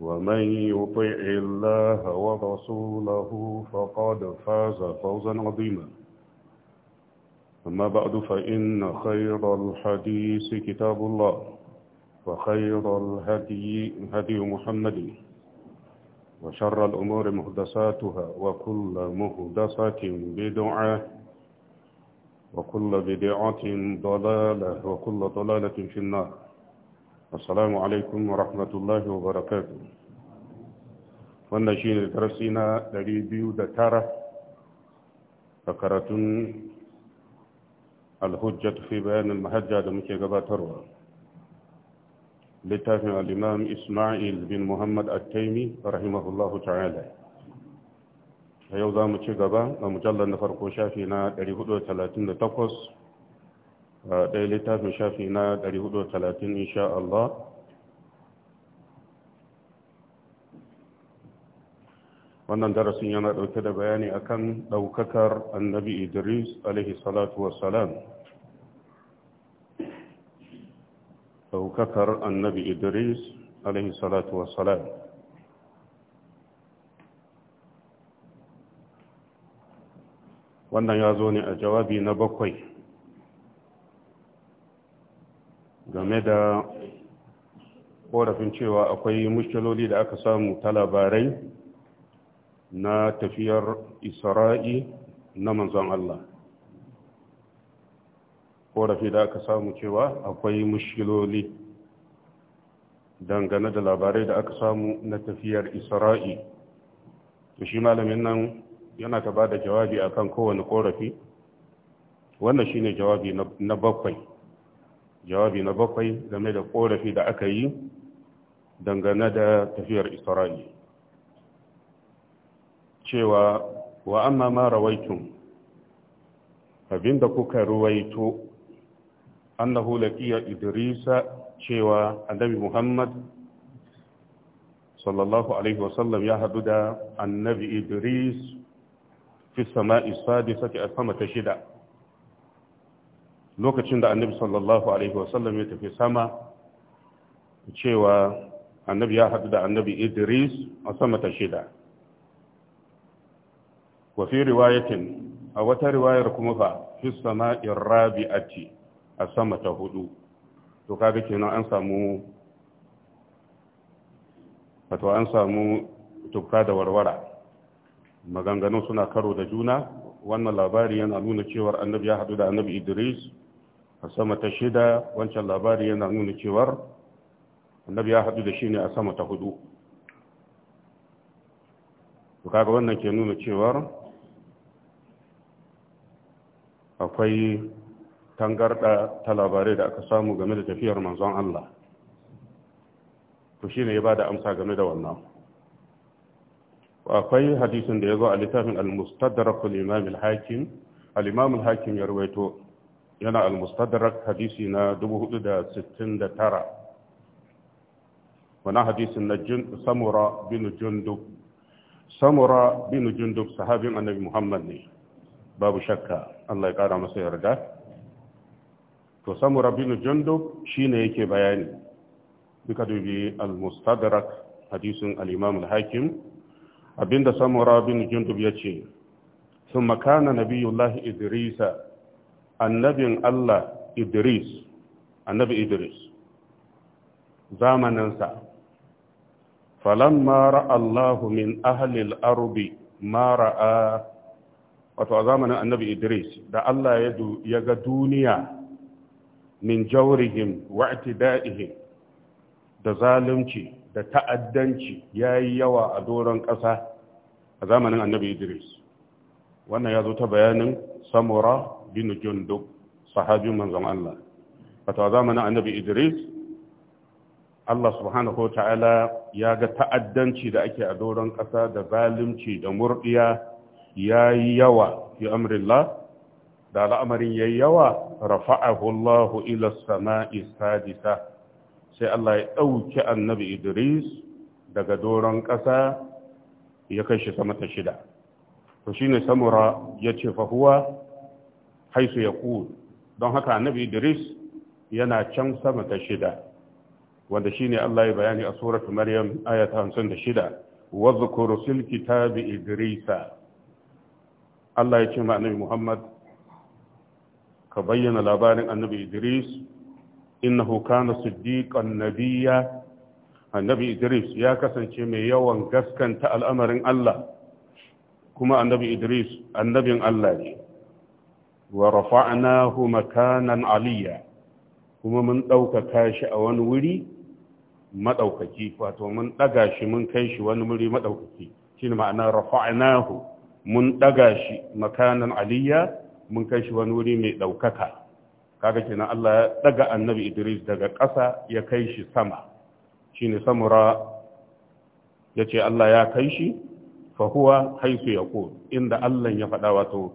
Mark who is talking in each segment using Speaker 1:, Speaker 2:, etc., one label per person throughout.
Speaker 1: ومن يطع الله ورسوله فقد فاز فوزا عظيما أما بعد فإن خير الحديث كتاب الله وخير الهدي هدي محمد وشر الأمور محدثاتها وكل مهدسة بدعة وكل بدعة ضلالة وكل ضلالة في النار السلام عليكم ورحمة الله وبركاته wannan shi ne darasi na tara. a karatun alhujjat fi bayanin mahajja da muke gabatarwa littafin al'imam ismail bin muhammad attaimi rahimahullahu ta'ala a yau za mu ci gaba a mujallar na farko shafi na 438 ɗaya littafin shafi na 430 insha Allah wannan darasin yana ɗauke da bayani akan ɗaukakar annabi idris alaihi salatu wassalam ɗaukakar annabi idris alaihi salatu wassalam wannan ya zo ne a jawabi na bakwai game da korafin cewa akwai mushkiloli da aka samu ta labarai na tafiyar isra'i na manzon Allah korafi da aka samu cewa akwai mushkiloli dangane da labarai da aka samu na tafiyar isra'i to shi malamin nan yana ta ba da jawabi akan kowane korafi wannan shine jawabi na bakwai jawabi na bakwai game da korafi da aka yi dangane da tafiyar isra'i cewa wa amma ma rawaitun abinda kuka ruwaito annahu laqiya idrisa cewa annabi muhammad sallallahu alaihi wasallam ya hadu da annabi idris fi sama'i sadisati a sama ta shida lokacin da annabi sallallahu alaihi wasallam ya tafi sama cewa annabi ya haɗu da annabi idris a sama ta shida wafi riwayatin a wata riwayar kuma fa fi sama'in rabi'ati a sama ta hudu to kaga kenan an samu wato an samu tufka da warwara maganganun suna karo da juna wannan labari yana nuna cewar annabi ya haɗu da annabi idris a sama ta shida wancan labari yana nuna cewar annabi ya haɗu da shi ne a sama ta hudu kaga wannan ke nuna cewar akwai tangarɗa ta labarai da aka samu game da tafiyar manzon Allah to shi ne ya ba da amsa game da wannan akwai hadisin da ya zo a littafin al-mustadrakul imam al-hakim al-imam al-hakim ya yana al-mustadrak hadisi na 469 wannan hadisin na samura bin jundub samura bin jundub sahabin annabi muhammad ne babu shakka Allah ya kara masa yarda to samura bin jundub shine yake bayani duka dubi al-mustadrak hadisin al-imam al-hakim abinda samura bin jundub yace ثم كان نبي الله إدريس annabin Allah Idris annabi Idris zamaninsa Falon Mara Allahu min ahlil arbi mara a, wato a zamanin annabi Idris da Allah ya ga duniya min jawrihim wa i'tida'ihim da zalunci da ta'addanci yayi yawa a doron ƙasa a zamanin annabi Idris wannan ya zo ta bayanin samura bin jundub sahabin manzon Allah fata zamanin annabi Idris Allah subhanahu ta'ala ya ga ta'addanci da ake a doron ƙasa da zalunci da murɗiya ya yi yawa fi amrillah da al'amarin ya yi yawa rafa'ahu Allahu ila sama'i sadisa sai Allah ya ɗauki annabi Idris daga doron ƙasa ya kai shi sama ta shida to shine samura ya ce fahuwa haisu ya don haka annabi idris yana can sama ta shida wanda shine Allah ya bayani a tsoratu maryam da shida, da shida silki fil kitabi idrisa Allah ya ce ma annabi Muhammad ka bayyana labarin annabi Idris innahu kana na biya, annabi Idris ya kasance mai yawan gaskanta al'amarin Allah kuma annabi Idris annabin Allah ne wa rafa'nahu makanan aliyya kuma mun ɗaukaka shi a wani wuri maɗaukaki wato mun ɗaga shi mun kai shi wani wuri maɗaukaki shi ne ma'ana rafa'nahu mun ɗaga shi makanan aliyya mun kai shi wani wuri mai ɗaukaka kaga kenan Allah ya ɗaga annabi Idris daga ƙasa ya kai shi sama shi ne samura ya Allah ya kai shi fahuwa haisu ya inda Allah ya faɗa wato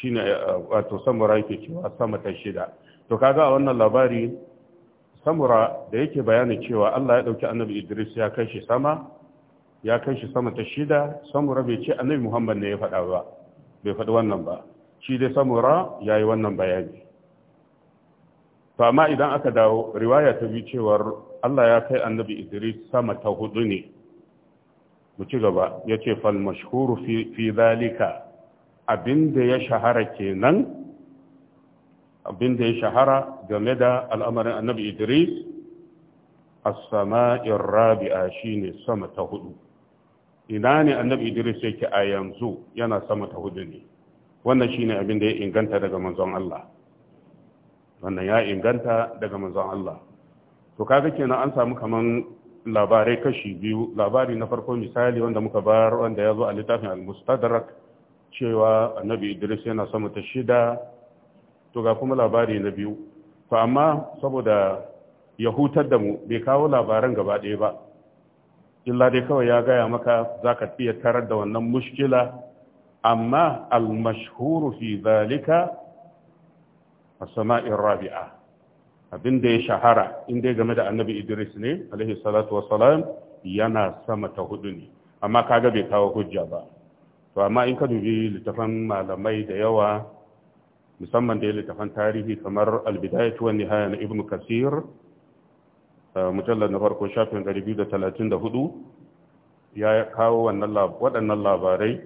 Speaker 1: shine eh, wato samura yake cewa sama ta shida to kaga a wannan labari samura da yake bayani cewa Allah ya dauki annabi Idris ya kai shi sama ya kai shi sama ta shida samura bai ce annabi Muhammad ne ya faɗa ba bai faɗi wannan ba shi dai samura yayi wannan bayani to amma idan aka dawo riwaya ta bi cewa Allah ya kai annabi Idris sama ta hudu ne mu ci gaba yace fal mashhuru fi fi zalika abinda ya shahara kenan abinda ya shahara game da al'amarin annabi idris as-sama'ir rabi'a shine sama ta hudu ina ne annabi idris yake a yanzu yana sama ta hudu ne wannan shine abinda ya inganta daga manzon Allah wannan ya inganta daga manzon Allah to kaga kenan an samu kaman labarai kashi biyu labari na farko misali wanda muka bar wanda ya zo a littafin al-mustadrak cewa annabi idris yana sama ta shida to ga kuma labari na biyu to amma saboda ya hutar da mu bai kawo labaran gaba ɗaya ba illa dai kawai ya gaya maka za ka iya tarar da wannan mushkila amma almashhuru fi zalika a sama'in rabi'a abin da ya shahara inda game da annabi idris ne alaihi salatu wasalam yana sama ta hudu ne amma kaga bai kawo hujja ba to amma in ka dubi littafan malamai da yawa musamman da littafan tarihi kamar albidayatu tuwon nihaya na ibnu kasir mujallar na farko shafin 234 ya kawo waɗannan labarai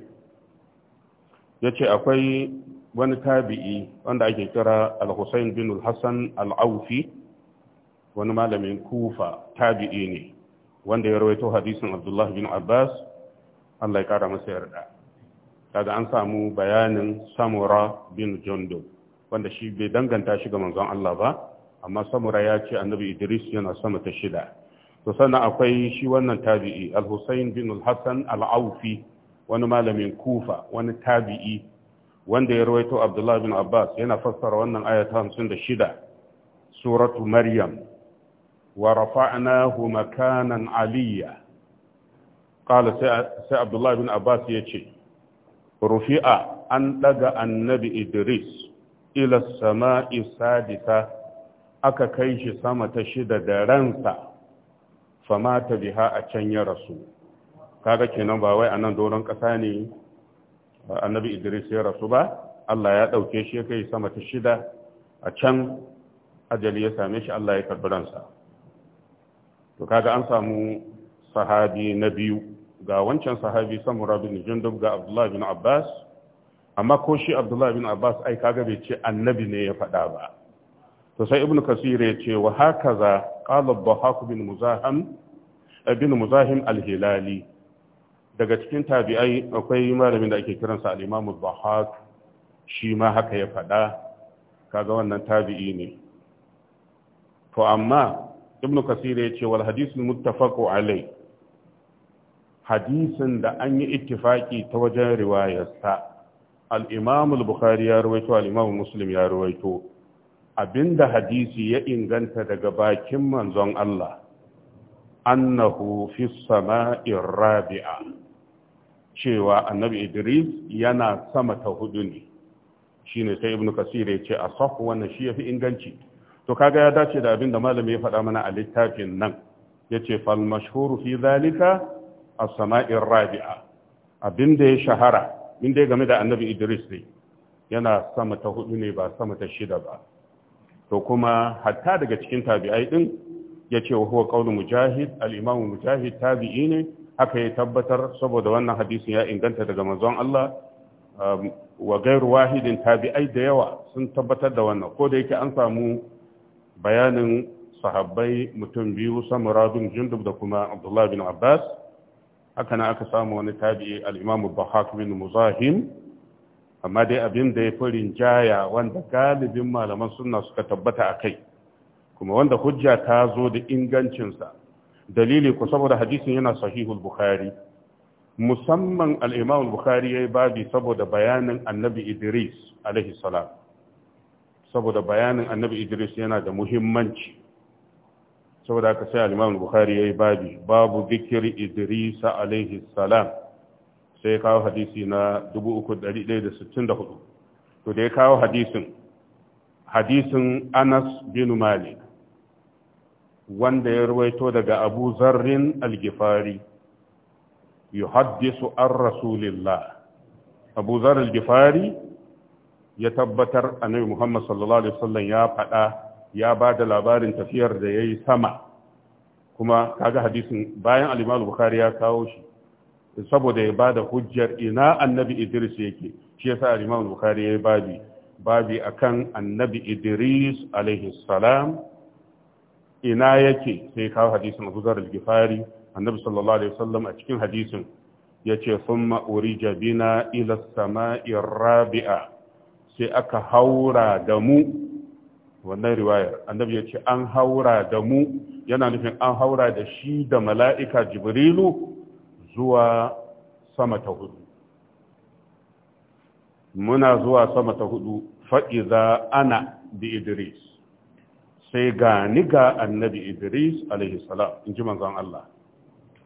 Speaker 1: ya ce akwai wani tabi'i wanda ake kira al-hussein bin al-hassan al-aufi wani malamin kufa tabi'i ne wanda ya rawaito hadisin abdullahi bin abbas allah ya kara masa yarda kaga an samu bayanin samura bin jondo wanda shi bai danganta shi ga manzon Allah ba amma samura ya ce annabi idris yana sama ta shida to sannan akwai shi wannan tabi'i al-husayn bin al-hasan al-aufi wani malamin kufa wani tabi'i wanda ya rawaito abdullah bin abbas yana fassara wannan aya ta 56 suratu maryam wa rafa'nahu makanan aliyya qala sai abdullah bin abbas ya ce. rufi'a an ɗaga annabi idris ila sama'i sadita. aka kai shi sama ta shida da ransa famata biha a can ya rasu kaga kenan ba wai anan doron ƙasa ne annabi idris ya rasu ba Allah ya ɗauke shi ya kai sama ta shida a can ajali ya same shi Allah ya karbi ransa to kaga an samu sahabi na biyu ga wancan sahabi samura bin jundub ga abdullahi bin abbas amma ko shi Abdullahi bin abbas ai kaga bai ce annabi ne ya faɗa ba to sai ibnu kasir ya ce wa hakaza qala dhahak bin muzahim eh, bin muzahim al-hilali daga cikin tabi'ai akwai malamin da ake kiransa al-imam dhahak shi ma haka ya faɗa kaga wannan tabi'i ne to amma ibnu kasir ya ce wal hadith muttafaqu alayhi hadisin da an yi ittifaki ta wajen riwayarsa al al-bukhari ya rawaito al-imam muslim ya rawaito abinda hadisi ya inganta daga bakin manzon Allah annahu fi sama'i rabi'a cewa annabi Idris yana sama ta hudu ne shine sai ibnu kasir ya ce Asaf wannan shi ya fi inganci to kaga ya dace da abinda malami ya faɗa mana a littafin nan yace fal mashhuru fi zalika as-sama'ir rabi'a abin da ya shahara in dai game da annabi Idris ne yana sama ta hudu ne ba sama ta shida ba to kuma hatta daga cikin tabi'ai din yace wa huwa qawlu mujahid al-imam mujahid tabi'i ne haka ya tabbatar saboda wannan hadisin ya inganta daga manzon Allah um, wa gairu wahidin tabi'ai da yawa sun tabbatar da wannan ko da yake an samu bayanin sahabbai mutum biyu samuradun jundub da kuma abdullahi bin abbas haka na aka samu wani tabi'i alimamu imamu bahak bin muzahim amma dai abin da ya fi rinjaya wanda galibin malaman sunna suka tabbata a kai kuma wanda hujja ta zo da ingancinsa dalili ku saboda hadisin yana sahihul bukhari musamman al'imam bukhari ya yi babi saboda bayanin annabi idris alaihi salam saboda bayanin annabi idris yana da muhimmanci saboda aka sai al-Imam Bukhari yayi babi babu zikri Idris alayhi salam sai kawo hadisi na 3164 to da ya kawo hadisin hadisin Anas bin Malik wanda ya ruwaito daga Abu Zarrin al gifari yuhaddisu ar Rasulillah Abu Zarr al gifari ya tabbatar annabi Muhammad sallallahu alaihi wasallam ya faɗa ya ba da labarin tafiyar da ya yi sama kuma kaga hadisin bayan alimalu bukari ya kawo shi saboda ya ba da hujjar ina annabi idris yake shi ya sa alimalu bukari ya yi babi babi akan annabi idris alaihi ina yake sai kawo hadisin abu zarar gifari annabi sallallahu alaihi wasallam a cikin hadisin ya ce sun ma'uri jabina ila sama'in rabi'a sai aka haura da mu wannan riwayar annabi ya ce an haura da mu yana nufin an haura da shi da mala'ika jibrilu zuwa sama ta hudu muna zuwa sama ta hudu fa'iza ana bi idris sai ga ga annabi idris alaihissalam in ji manzan Allah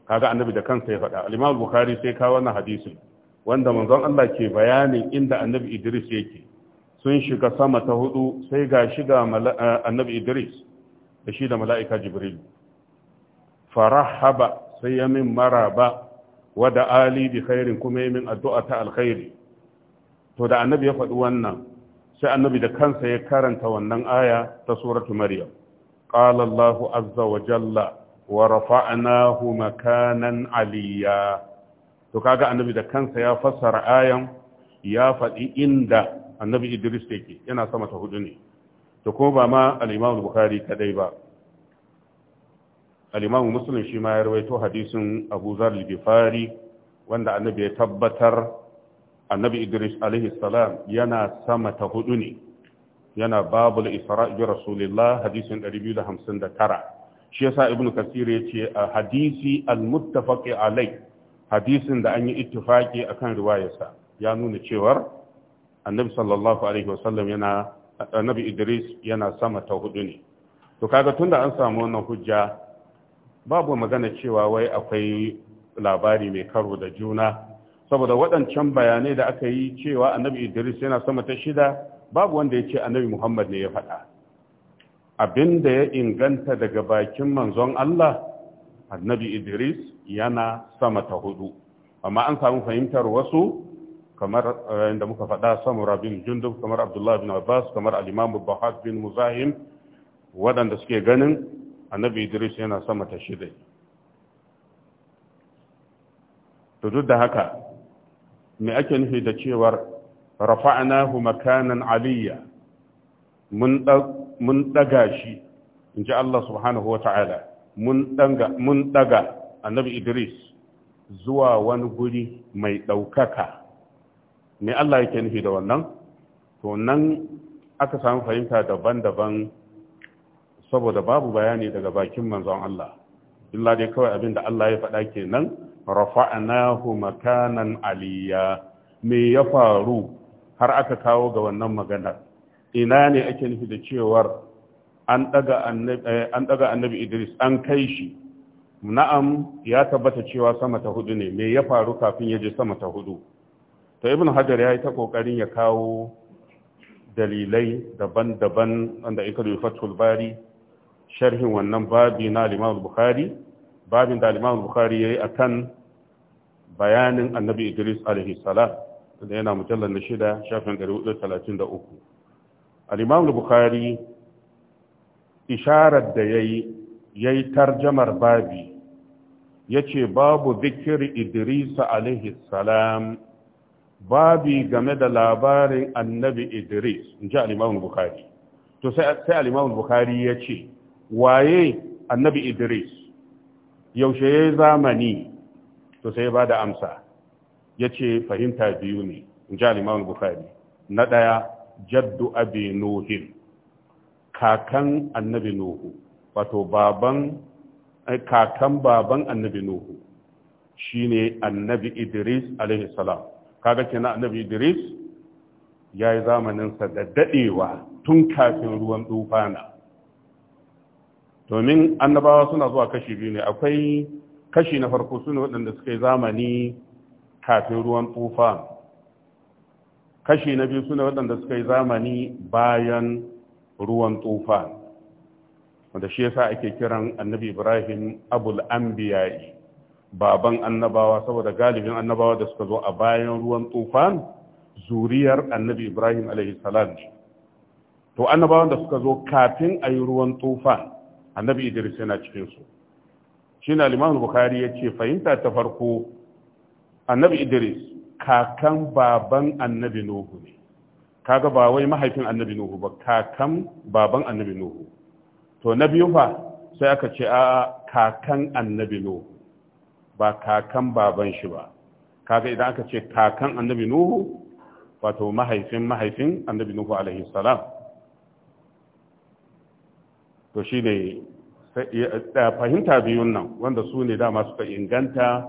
Speaker 1: kaga annabi da kansa ya faɗa alimawar bukari sai kawo wannan hadisin wanda manzon Allah ke bayanin inda annabi idris yake sun shiga sama ta hudu sai ga shiga annabi idris da shi da mala'ika jibril farahaba sai ya min maraba wada ali bi khairin kuma ya min addu'a ta alkhairi to da annabi ya faɗi wannan sai annabi da kansa ya karanta wannan aya ta suratu maryam qala allah azza wa jalla wa rafa'nahu makanan aliya to kaga annabi da kansa ya fassara ayan ya faɗi inda annabi idris yake yana sama ta hudu ne to ko ba ma al-imam bukhari kadai ba al-imam muslim shi ma ya rawaito hadisin abu zar al wanda annabi ya tabbatar annabi idris alaihi salam yana sama ta hudu ne yana babul isra' bi rasulillah hadisin 259 shi yasa ibnu kasir ya ce a hadisi al-muttafaqi alai hadisin da an yi ittifaki akan riwayarsa ya nuna cewar annabi sallallahu alaihi wasallam yana annabi idris yana sama ta hudu ne to kaga tunda an samu wannan hujja babu magana cewa wai akwai labari mai karo da juna saboda waɗancan bayanai da aka yi cewa annabi idris yana sama ta shida babu wanda ya ce annabi muhammad ne ya faɗa abin da ya inganta daga bakin manzon allah annabi idris yana sama ta hudu amma an samu fahimtar wasu kamar eh, da muka faɗa samura bin jundub kamar abdullahi bin abbas kamar alimamu bahad bin muzahim waɗanda suke ganin annabi idris yana sama ta shidai. to duk da haka me ake nufi da cewar rafa'nahu makanan aliyya mun ɗaga shi in ji Allah subhanahu wa ta'ala mun ɗaga annabi idris zuwa wani guri mai ɗaukaka me Allah yake nufi da wannan to nan aka samu fahimta daban-daban saboda babu bayani daga bakin manzon Allah illa dai kawai abin da Allah ya faɗa kenan rafa'nahu makanan aliyya me ya faru har aka kawo ga wannan maganar ina ne ake nufi da cewar an daga eh, annabi idris an kai shi na'am ya tabbata cewa sama ta hudu ne me ya faru kafin ya je sama ta hudu to ibn hajar ya yi ta kokarin ya kawo dalilai daban-daban wanda ya kalli fatul bari sharhin wannan babi na al bukhari babin da al bukhari a kan bayanin annabi idris alaihi salam da yana mujallar na shida shafin 433 al-imam al-bukhari isharar da ya yi tarjamar babi ya ce babu zikir idris alaihi salam babi game da labarin annabi idris in ji alimamun bukari to sai alimamun bukari ya ce waye annabi idris yaushe ya zamani to sai ba da amsa ya ce fahimta biyu ne in ji alimamun bukari na ɗaya jaddu abi nuhin kakan annabi nuhu wato baban eh, kakan baban annabi nuhu shine annabi idris alaihi salam kaga kenan annabi Idris ya yi zamaninsa da dadewa tun kafin ruwan tufana. domin annabawa suna zuwa kashi biyu ne akwai kashi na farko su ne waɗanda suka yi zamani kafin ruwan tsufa kashi na biyu su ne waɗanda suka yi zamani bayan ruwan tsufa wanda shi yasa ake kiran annabi ibrahim abul anbiya'i baban annabawa saboda galibin annabawa da suka zo a bayan ruwan tufan zuriyar annabi ibrahim salam ne to annabawan da suka zo kafin a yi ruwan tufan annabi idris yana cikinsu shi na limanin bukari ya ce fahimta ta farko annabi idris kakan baban annabi nuhu ne kaga ba wai mahaifin annabi nuhu ba kakan baban annabi nuhu to na biyu fa sai aka ce a kakan annabi nuhu ba kakan baban shi ba kaga idan aka ce kakan annabi nuhu wato mahaifin mahaifin annabi nuhu alaihi salam to shi ne fahimta biyun nan wanda su ne dama suka inganta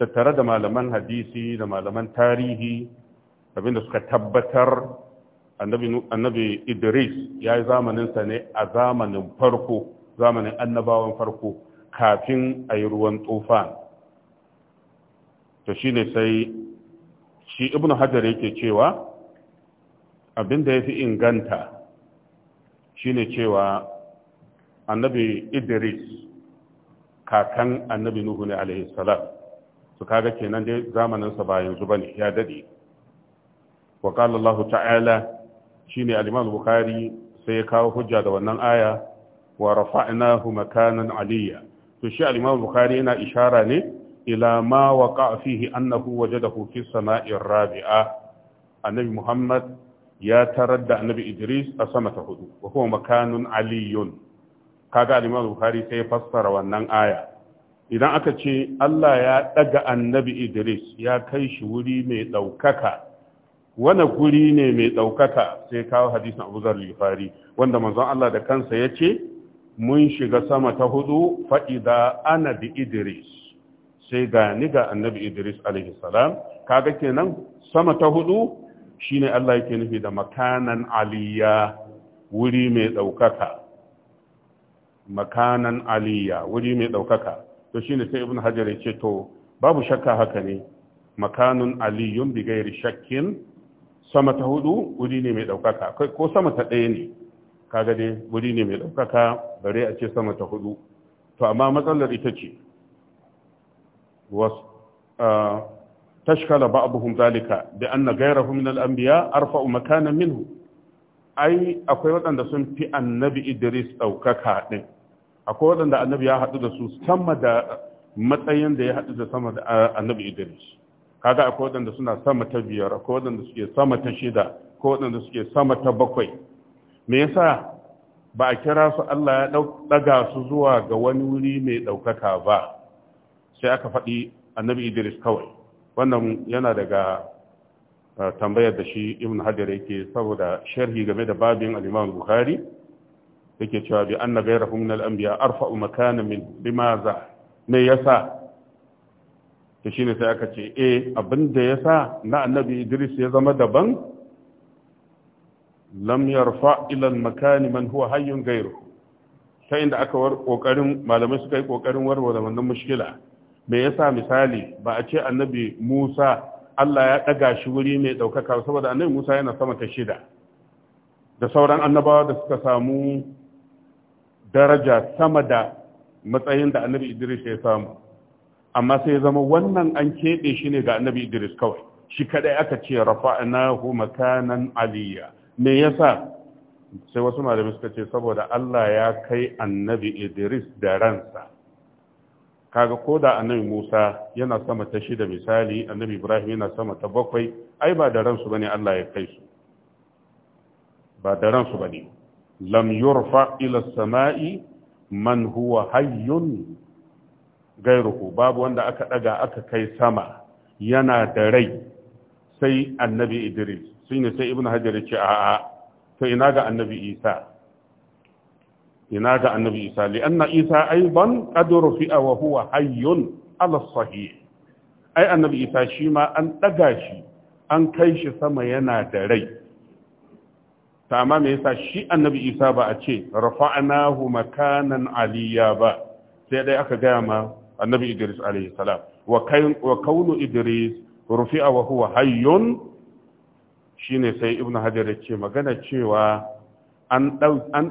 Speaker 1: tattare da malaman hadisi da malaman tarihi abinda suka tabbatar annabi idris ya yi zamaninsa ne a zamanin farko zamanin annabawan farko kafin a yi ruwan tufan to ne sai shi ibnu hajar yake cewa abinda ya fi inganta shi ne cewa annabi idris kakan annabi nuhu ne alaihi salam su kaga kenan dai zamaninsa ba zuba bane ya dade wa qala ta'ala shi ne imam bukhari sai ya kawo hujja da wannan aya wa rafa'nahu makanan aliyya to shi al bukhari yana ishara ne ila wa waqa fihi annahu wajadahu fi sama'i rabi'a annabi muhammad ya tarar da annabi idris a sama ta hudu wa huwa makanun aliyun kaga al-imam bukhari sai fassara wannan aya idan aka ce Allah ya daga annabi idris ya kai shi wuri mai daukaka wani guri ne mai ɗaukaka sai kawo hadisin abu zar lifari wanda manzon Allah da kansa ya ce mun shiga sama ta hudu fa'ida ana bi idris sai gani ga annabi idris alaihi salam kaga kenan sama ta hudu shine Allah yake nufi da makanan aliyya wuri mai daukaka makanan aliyya wuri mai daukaka to shine sai ibn hajar yace to babu shakka haka ne makanun aliyun bi gairi shakkin sama ta hudu wuri ne mai daukaka ko sama ta ɗaya ne kaga dai wuri ne mai daukaka bare a ce sama ta hudu to amma matsalar ita ce تشكل بعضهم uh, zalika da غيره من الأنبياء أرفع مكانا منه أي أقول أن akwai waɗanda sun fi annabi Idris ɗaukaka ɗin akwai waɗanda annabi ya haɗu da su sama da matsayin da ya da sama da uh, annabi Idris kaga akwai waɗanda suna sama ta biyar akwai waɗanda suke sama ta shida akwai waɗanda suke sama ta bakwai me yasa ba a kira su Allah ya ɗaga su zuwa ga wani wuri mai ɗaukaka ba sai aka faɗi annabi idris kawai wannan yana daga uh, tambayar da shi ibn hajar yake saboda sharhi game da babin al-imam bukhari yake cewa bi anna ghayrahum min al-anbiya arfa'u makana min limaza me yasa to shine sai aka ce eh abinda yasa na annabi idris ya zama daban lam yarfa ila al-makan man huwa hayyun ghayruhu ta inda aka war kokarin malamai suka yi kokarin warware wannan mushkila me yasa misali ba a ce annabi Musa Allah ya ɗaga shi wuri mai ɗaukaka saboda annabi Musa yana sama ta shida da sauran annabawa da suka samu daraja sama da matsayin da annabi Idris ya samu amma sai ya zama wannan an keɓe shi ne ga annabi Idris kawai shi kaɗai aka ce rafa'nahu makanan aliyya me yasa sai wasu malamai suka ce saboda Allah ya kai annabi Idris da ransa kaga ko da annabi Musa yana sama ta shida misali annabi Ibrahim yana sama ta bakwai ai ba da ransu bane Allah ya kai su ba da ransu bane lam yurfa ila samai man huwa hayyun gairuhu babu wanda aka daga aka kai sama yana da rai sai annabi Idris shine sai ibnu Hajar ya ce a'a to ina ga annabi Isa ina ga annabi isa li anna isa aidan qad rufi'a wa huwa hayyun ai annabi isa shi ma an ɗaga shi an kai shi sama yana da rai ta ma me yasa shi annabi isa ba a ce rafa'nahu makanan aliya ba sai dai aka gaya ma annabi idris alaihi salam wa kaunu idris rufi'a wa huwa hayyun shine sai ibnu hajar ya ce magana cewa an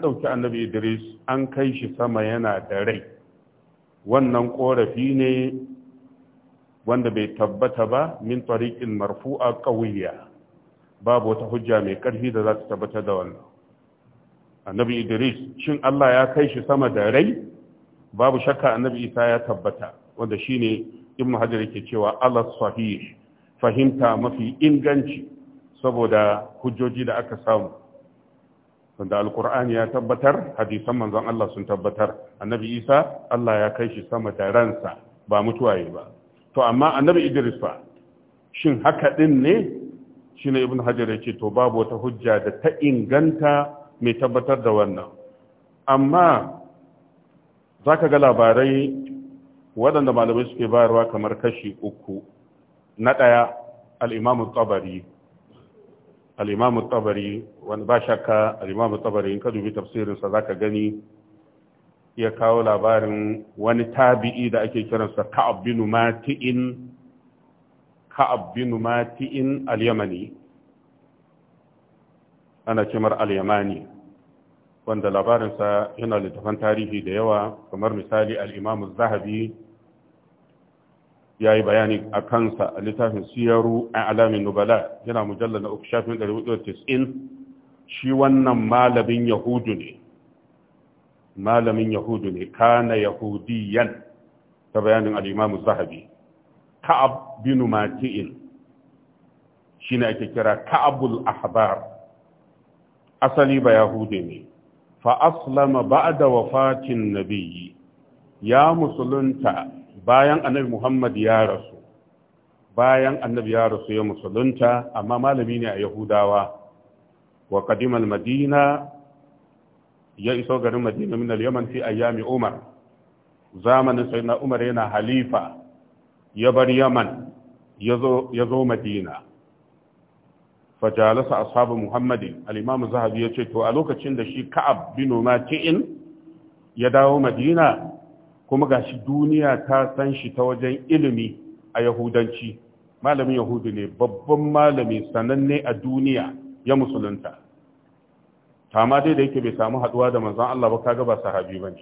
Speaker 1: ɗauki annabi idris an kai shi sama yana da rai wannan ƙorafi ne wanda bai tabbata ba min tariƙin marfu'a ƙawiyya babu wata hujja mai ƙarfi da za ta tabbata da wannan annabi idris shin allah ya kai shi sama da rai babu shakka annabi isa ya tabbata wanda shine in hajar ke cewa Allah sahih fahimta mafi inganci saboda hujjoji da aka samu Sanda alkur'ani ya tabbatar hadisan manzon Allah sun tabbatar annabi Isa Allah ya kai shi sama da ransa ba mutuwaye ba to amma annabi Idris fa shin haka din ne shine ibn hajar ya ce to babu wata hujja da ta inganta mai tabbatar da wannan amma zaka ga labarai waɗanda malamai suke bayarwa kamar kashi uku na ɗaya al-imamu al'imamu tabari wani ba shakka al'imamu tabari in ka dubi tafsirinsa za ka gani iya kawo labarin wani tabi'i da ake kiransa ka'ab bin mati'in ka'ab yamani ana kimar al wanda labarinsa yana littafan tarihi da yawa kamar misali al zahabi ya yi bayani a kansa a littafin siyaru a alamin nubala yana mujallar na uku shafin shi wannan malamin yahudu ne malamin yahudu ne kana yahudiyan ta bayanin al'imamu zahabi ka'ab bin mati'in shi ne ake kira ka'abul ahbar asali ba yahudu ne fa aslama ba'da wafatin nabiyyi ya musulunta bayan annabi Muhammad ya rasu bayan annabi ya rasu ya musulunta amma malami ne a Yahudawa wa qadimal madina ya iso garin madina min al-yaman fi ayyami umar zamanin sayyidina umar yana halifa ya bar yaman ya zo madina fajalasa ashabu muhammad al-imam zahabi ya ce to a lokacin da shi ka'ab bin in ya dawo madina kuma ga shi duniya ta san shi ta wajen ilimi a yahudanci malamin yahudu ne babban malami sananne a duniya ya musulunta ma dai da yake bai samu haduwa da manzon Allah ba kaga ba sahabi bane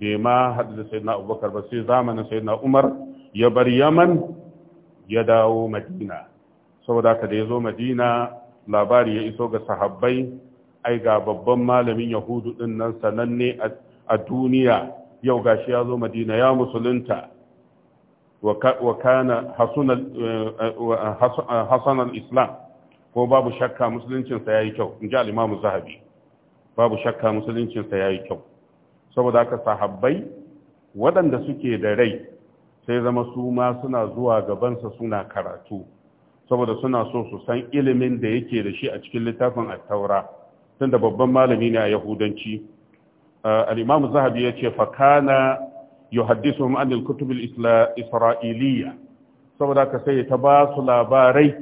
Speaker 1: bai ma hadu da sayyidina Abubakar ba sai zamanin sayyidina Umar ya bar Yaman ya dawo Madina saboda haka da ya zo Madina labari ya iso ga sahabbai ai ga babban malamin Yahudu din nan sananne a duniya yau ga shi ya zo madina ya musulunta wa kana eh, eh, eh, islam ko babu shakka musuluncinsa ya yi kyau in ji alimamu zahabi babu shakka musuluncinsa ya yi kyau saboda haka sahabbai waɗanda suke da rai sai zama su ma suna zuwa gabansa suna karatu saboda suna so su san ilimin da yake da shi a cikin littafin attaura tunda babban malami ne a yahudanci al-imam zahabi yace fa kana yuhaddisuhum an al israiliyya saboda ka sai ta ba su labarai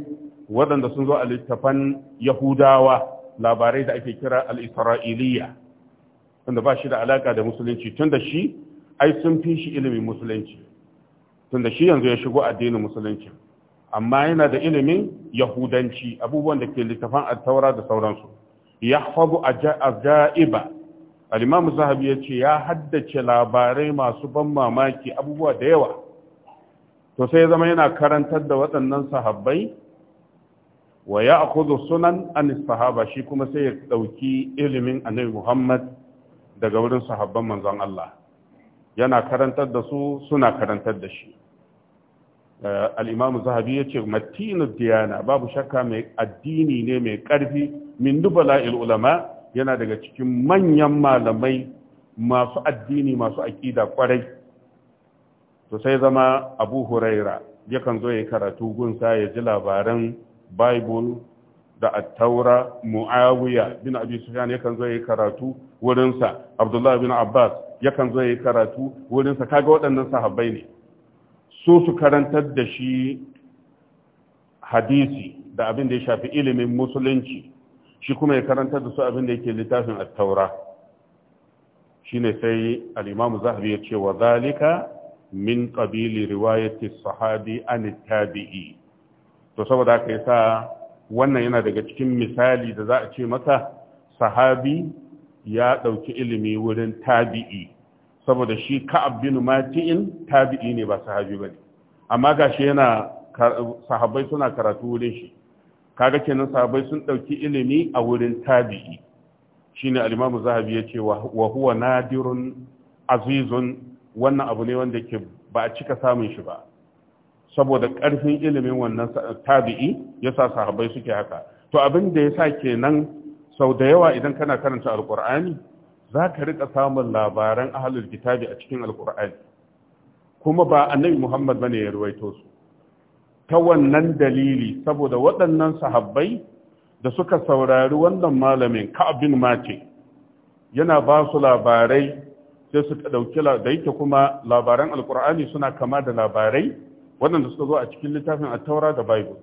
Speaker 1: waɗanda sun zo a littafan yahudawa labarai da ake kira al israiliya wanda ba shi da alaka da musulunci tunda shi ai sun fi shi ilimin musulunci tunda shi yanzu ya shigo addinin musulunci amma yana da ilimin yahudanci abubuwan da ke littafan attaura da sauransu yahfazu ajaiba al-imam zahabi ya ce ya haddace labarai masu ban mamaki abubuwa da yawa to sai zama yana karantar da waɗannan sahabbai wa ya akudu sunan an sahaba shi kuma sai ya ɗauki ilimin annabi muhammad daga wurin sahabban manzon Allah yana karantar da su suna karantar da shi eh, al'imamu zahabi ya ce matinu diyana babu shakka mai addini ne mai ƙarfi min dubala ulama yana daga cikin manyan malamai masu addini masu aƙida kwarai to sai zama abu huraira yakan zo ya karatu gunsa ya ji labaran bible da attaura muawiya bin abi sufyan yakan zo ya karatu wurinsa abdullahi bin abbas yakan zo ya karatu wurinsa kaga waɗannan sahabbai ne su su karantar da shi hadisi da abin da ya shafi ilimin musulunci shi kuma ya karanta da su abin da yake littafin attaura taura ne sai al-imamu zahabi ya ce wa zalika min qabili riwayati sahabi an tabi'i to saboda haka sa, wannan yana daga cikin misali da za a ce masa sahabi ya ɗauki ilimi wurin tabi'i saboda shi ka'ab bin mati'in tabi'i ne ba sahabi bane amma gashi yana sahabbai suna karatu wurin shi kaga kenan sahabbai sun dauki ilimi a wurin tabi'i shine al imamu Zahabi yace wa huwa nadirun azizun wannan abu ne wanda ke ba a cika samun shi ba saboda karfin ilimin wannan tabi'i yasa sahabbai suke haka to abin da yasa kenan sau da yawa idan kana karanta alqur'ani zaka rika samun labaran ahlul kitabi a cikin alqur'ani kuma ba annabi Muhammad bane ya ruwaito su ta wannan dalili saboda waɗannan sahabbai da suka saurari wannan malamin ka'abin mace yana ba su labarai sai su ɗauki da yake kuma labaran Alƙur'ani suna kama da labarai waɗanda suka zo a cikin littafin a taura da bible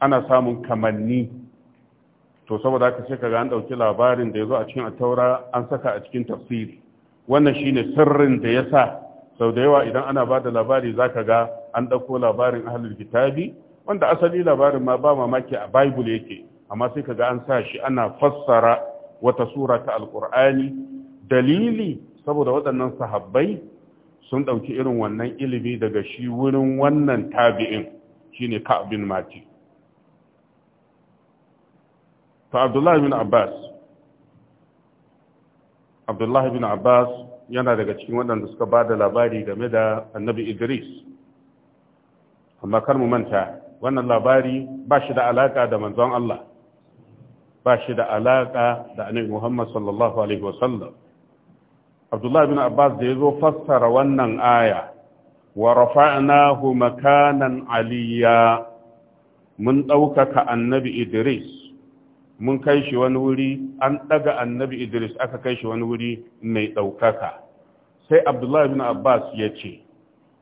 Speaker 1: ana samun kamanni to saboda haka sai kaga an ɗauki labarin da ya zo a cikin a taura an saka a cikin tafsiri wannan shine sirrin da ya sa sau da yawa idan ana ba da labari za ka ga an ɗauko labarin ahlul kitabi wanda asali labarin ma ba mamaki a bible yake amma sai kaga an sa shi ana fassara wata sura ta alqur'ani dalili saboda waɗannan sahabbai sun ɗauki irin wannan ilimi daga shi wurin wannan tabi'in shine Ka'ab bin Mati to Abdullah bin Abbas Abdullah bin Abbas yana daga cikin waɗanda suka ba da labari game da Annabi Idris amma kar mu manta wannan labari ba shi da alaƙa da manzon Allah ba shi da alaƙa da annabi Muhammad sallallahu alaihi wasallam Abdullah bin Abbas da yazo fassara wannan aya wa rafa'nahu makanan aliyya mun ɗaukaka annabi Idris mun kai shi wani wuri an ɗaga annabi Idris aka kai shi wani wuri mai ɗaukaka sai Abdullah bin Abbas ya ce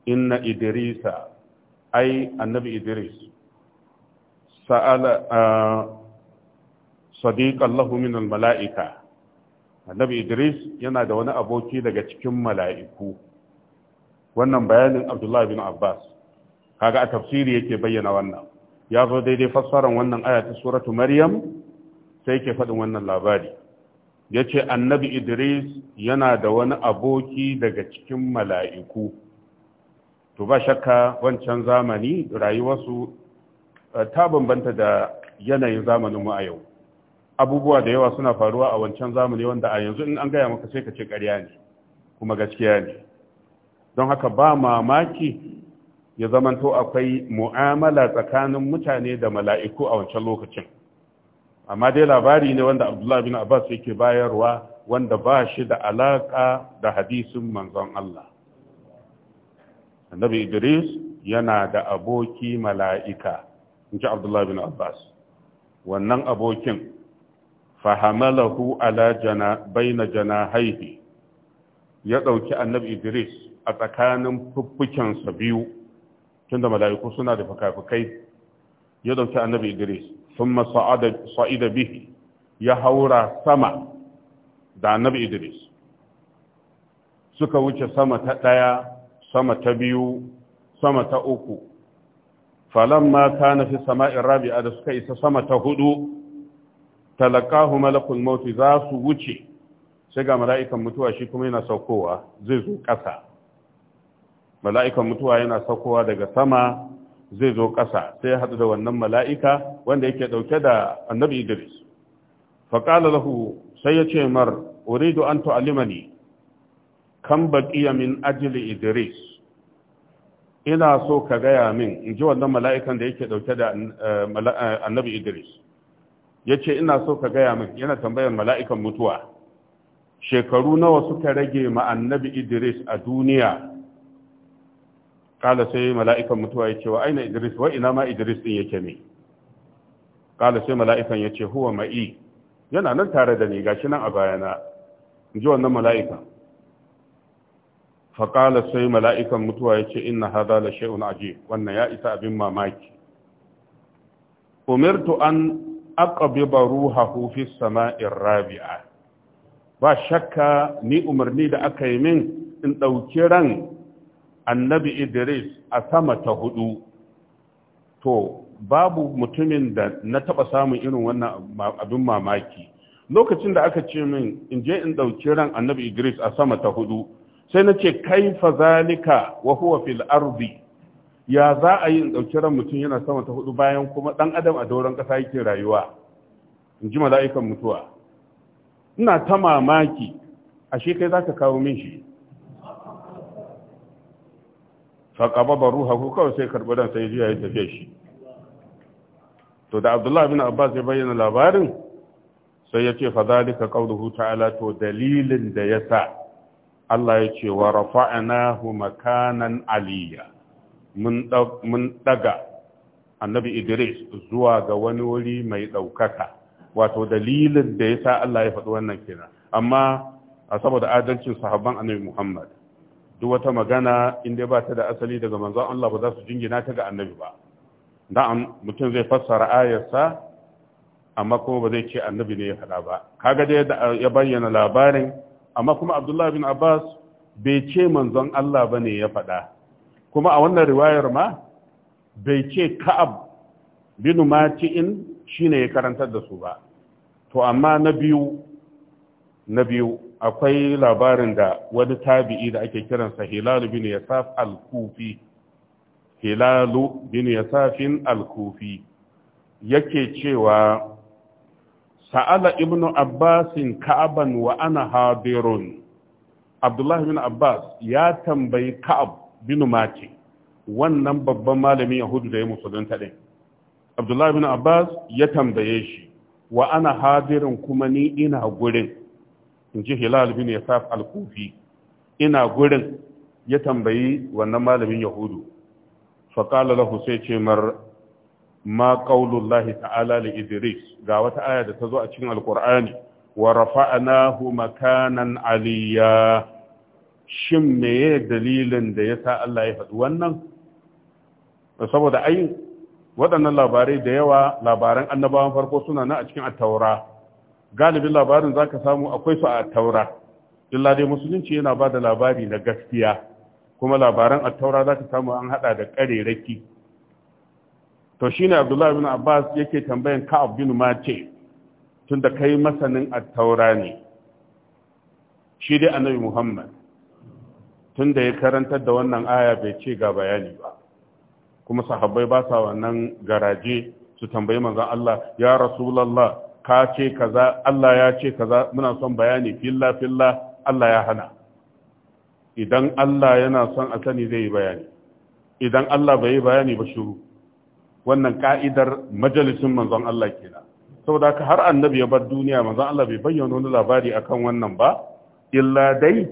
Speaker 1: inna Idrisa ai annabi idris sa'ala sadiq allahu min mala'ika annabi idris yana da wani aboki daga cikin mala'iku wannan bayanin abdullahi bin abbas kaga a tafsiri yake bayyana wannan ya zo daidai fassarar wannan aya ta suratu maryam sai yake faɗin wannan labari ya ce annabi idris yana da wani aboki daga cikin mala'iku to ba shakka wancan zamani rayuwarsu eh, ta bambanta da yanayin zamanin mu a yau abubuwa da yawa suna faruwa a wancan zamani wanda a yanzu in an gaya maka sai ka ce ƙarya ne kuma gaskiya ne don haka ba mamaki ya zamanto akwai mu'amala tsakanin mutane da mala'iku a wancan lokacin amma dai labari ne wanda abdullahi bin abbas yake bayarwa wanda ba shi da alaƙa da hadisin manzon Allah annabi idris yana da aboki mala'ika in ji abdullahi bin abbas wannan abokin fahamalahu ala Jana baina jana haihi ya ɗauki annabi idris a tsakanin fuffukensa biyu tunda mala'iku suna da fakafukai ya ɗauki annabi idris sun sa'ida bihi ya haura sama da annabi idris suka wuce sama ta ɗaya sama ta biyu sama ta uku falamma kana fi sama'in rabi'a da suka isa sama ta hudu talakahu malakul maut za su wuce sai ga mala'ikan mutuwa shi kuma yana saukowa zai zo ƙasa mala'ikan mutuwa yana saukowa daga sama zai zo ƙasa sai haɗu da wannan mala'ika wanda yake ɗauke da annabi idris faƙala lahu sai ya ce mar uridu an Alimani. kan ya min ajli idris ina so ka gaya min in ji wannan mala'ikan da yake dauke da eh, eh, annabi idris yace ina so ka gaya min yana tambayar mala'ikan mutuwa shekaru nawa suka rage ma annabi idris a duniya kala sai mala'ikan mutuwa ya ce wa aina idris wa ina ma idris din yake ne kala sai mala'ikan ya ce huwa ma'i yana nan tare da ni gashi nan a bayana in ji wannan mala'ikan faƙala sai mala'ikan mutuwa ya ce ina haza la sha'un aje wannan ya isa abin mamaki umirtu an aqbiba ruhahu fi sama'ir rabi'a ba shakka ni umarni da aka yi min in ɗauki ran annabi idris a sama ta hudu to babu mutumin da na taɓa samun irin wannan abin mamaki lokacin da aka ce min in je in ɗauki ran annabi idris a sama ta hudu sai na ce kai zalika wa huwa fil ardi ya za a yi in ɗauki ran mutum yana sama ta hudu bayan kuma ɗan adam a dauran ƙasa yake rayuwa in ji mala'ikan mutuwa ina ta mamaki ashe kai za ka kawo min shi faƙaba ba ruha ko kawai sai karɓi ran sai jiya ya tafiya shi to da abdullahi bin abbas ya bayyana labarin sai ya ce fa zalika qawluhu ta'ala to dalilin da ya sa Allah ya ce wa rafa'nahu makanan aliyya mun daga annabi Idris zuwa ga wani wuri mai ɗaukaka wato dalilin da ya sa Allah ya faɗi wannan kenan amma a saboda adalcin sahabban annabi Muhammad duk wata magana inda dai ba ta da asali daga manzon Allah ba za su jingina ta ga annabi ba dan mutum zai fassara ayarsa amma kuma ba zai ce annabi ne ya faɗa ba ka kaga dai ya bayyana labarin amma kuma abdullah bin abbas bai ce manzon Allah ba ne ya faɗa kuma a wannan riwayar ma bai ce ka'ab bin mati'in shi ne ya karantar da su ba to amma na biyu na biyu akwai labarin da wani tabi'i da ake kiransa hilalu bin yasaf al-kufi hilalu bin yasafin al-kufi yake cewa sa'ala ibnu abbasin ka'aban وأنا حاضر عبد abdullahi بن abbas ya tambayi ka'ab bin Mati, wannan babban malami yahudu da ya musulunta ɗin abdullahi bin abbas ya tambaye shi wa ana hadirin kuma ni ina gurin in ji hilal bin yasaf al-kufi ina gurin ya tambayi wannan malamin yahudu faƙala lahu sai ce mar ma qaulullahi ta'ala li idris ga wata aya da ta zo a cikin alqur'ani wa rafa'nahu makanan aliyya shin meye dalilin da yasa Allah ya faɗi wannan saboda ai waɗannan labarai da yawa labaran annabawan farko suna na a cikin attaura galibin labarin zaka samu akwai su a attaura illa dai musulunci yana ba da labari na gaskiya kuma labaran attaura zaka samu an hada da ƙarerraki to ne abdullahi bin abbas yake tambayan ma ce tun tunda kai masanin a taura ne shi dai annabi muhammad tunda ya karantar da wannan aya bai ce ga bayani ba kuma sahabbai ba sa wannan garaje su tambayi manzon Allah ya rasulullah ka ce kaza Allah ya ce kaza muna son bayani filla filla Allah ya hana idan Allah yana son a sani zai yi bayani idan Allah bai yi bayani ba shiru wannan ka'idar majalisin manzon Allah kenan saboda ka har annabi ya bar duniya manzon Allah bai bayyana wani labari akan wannan ba illa dai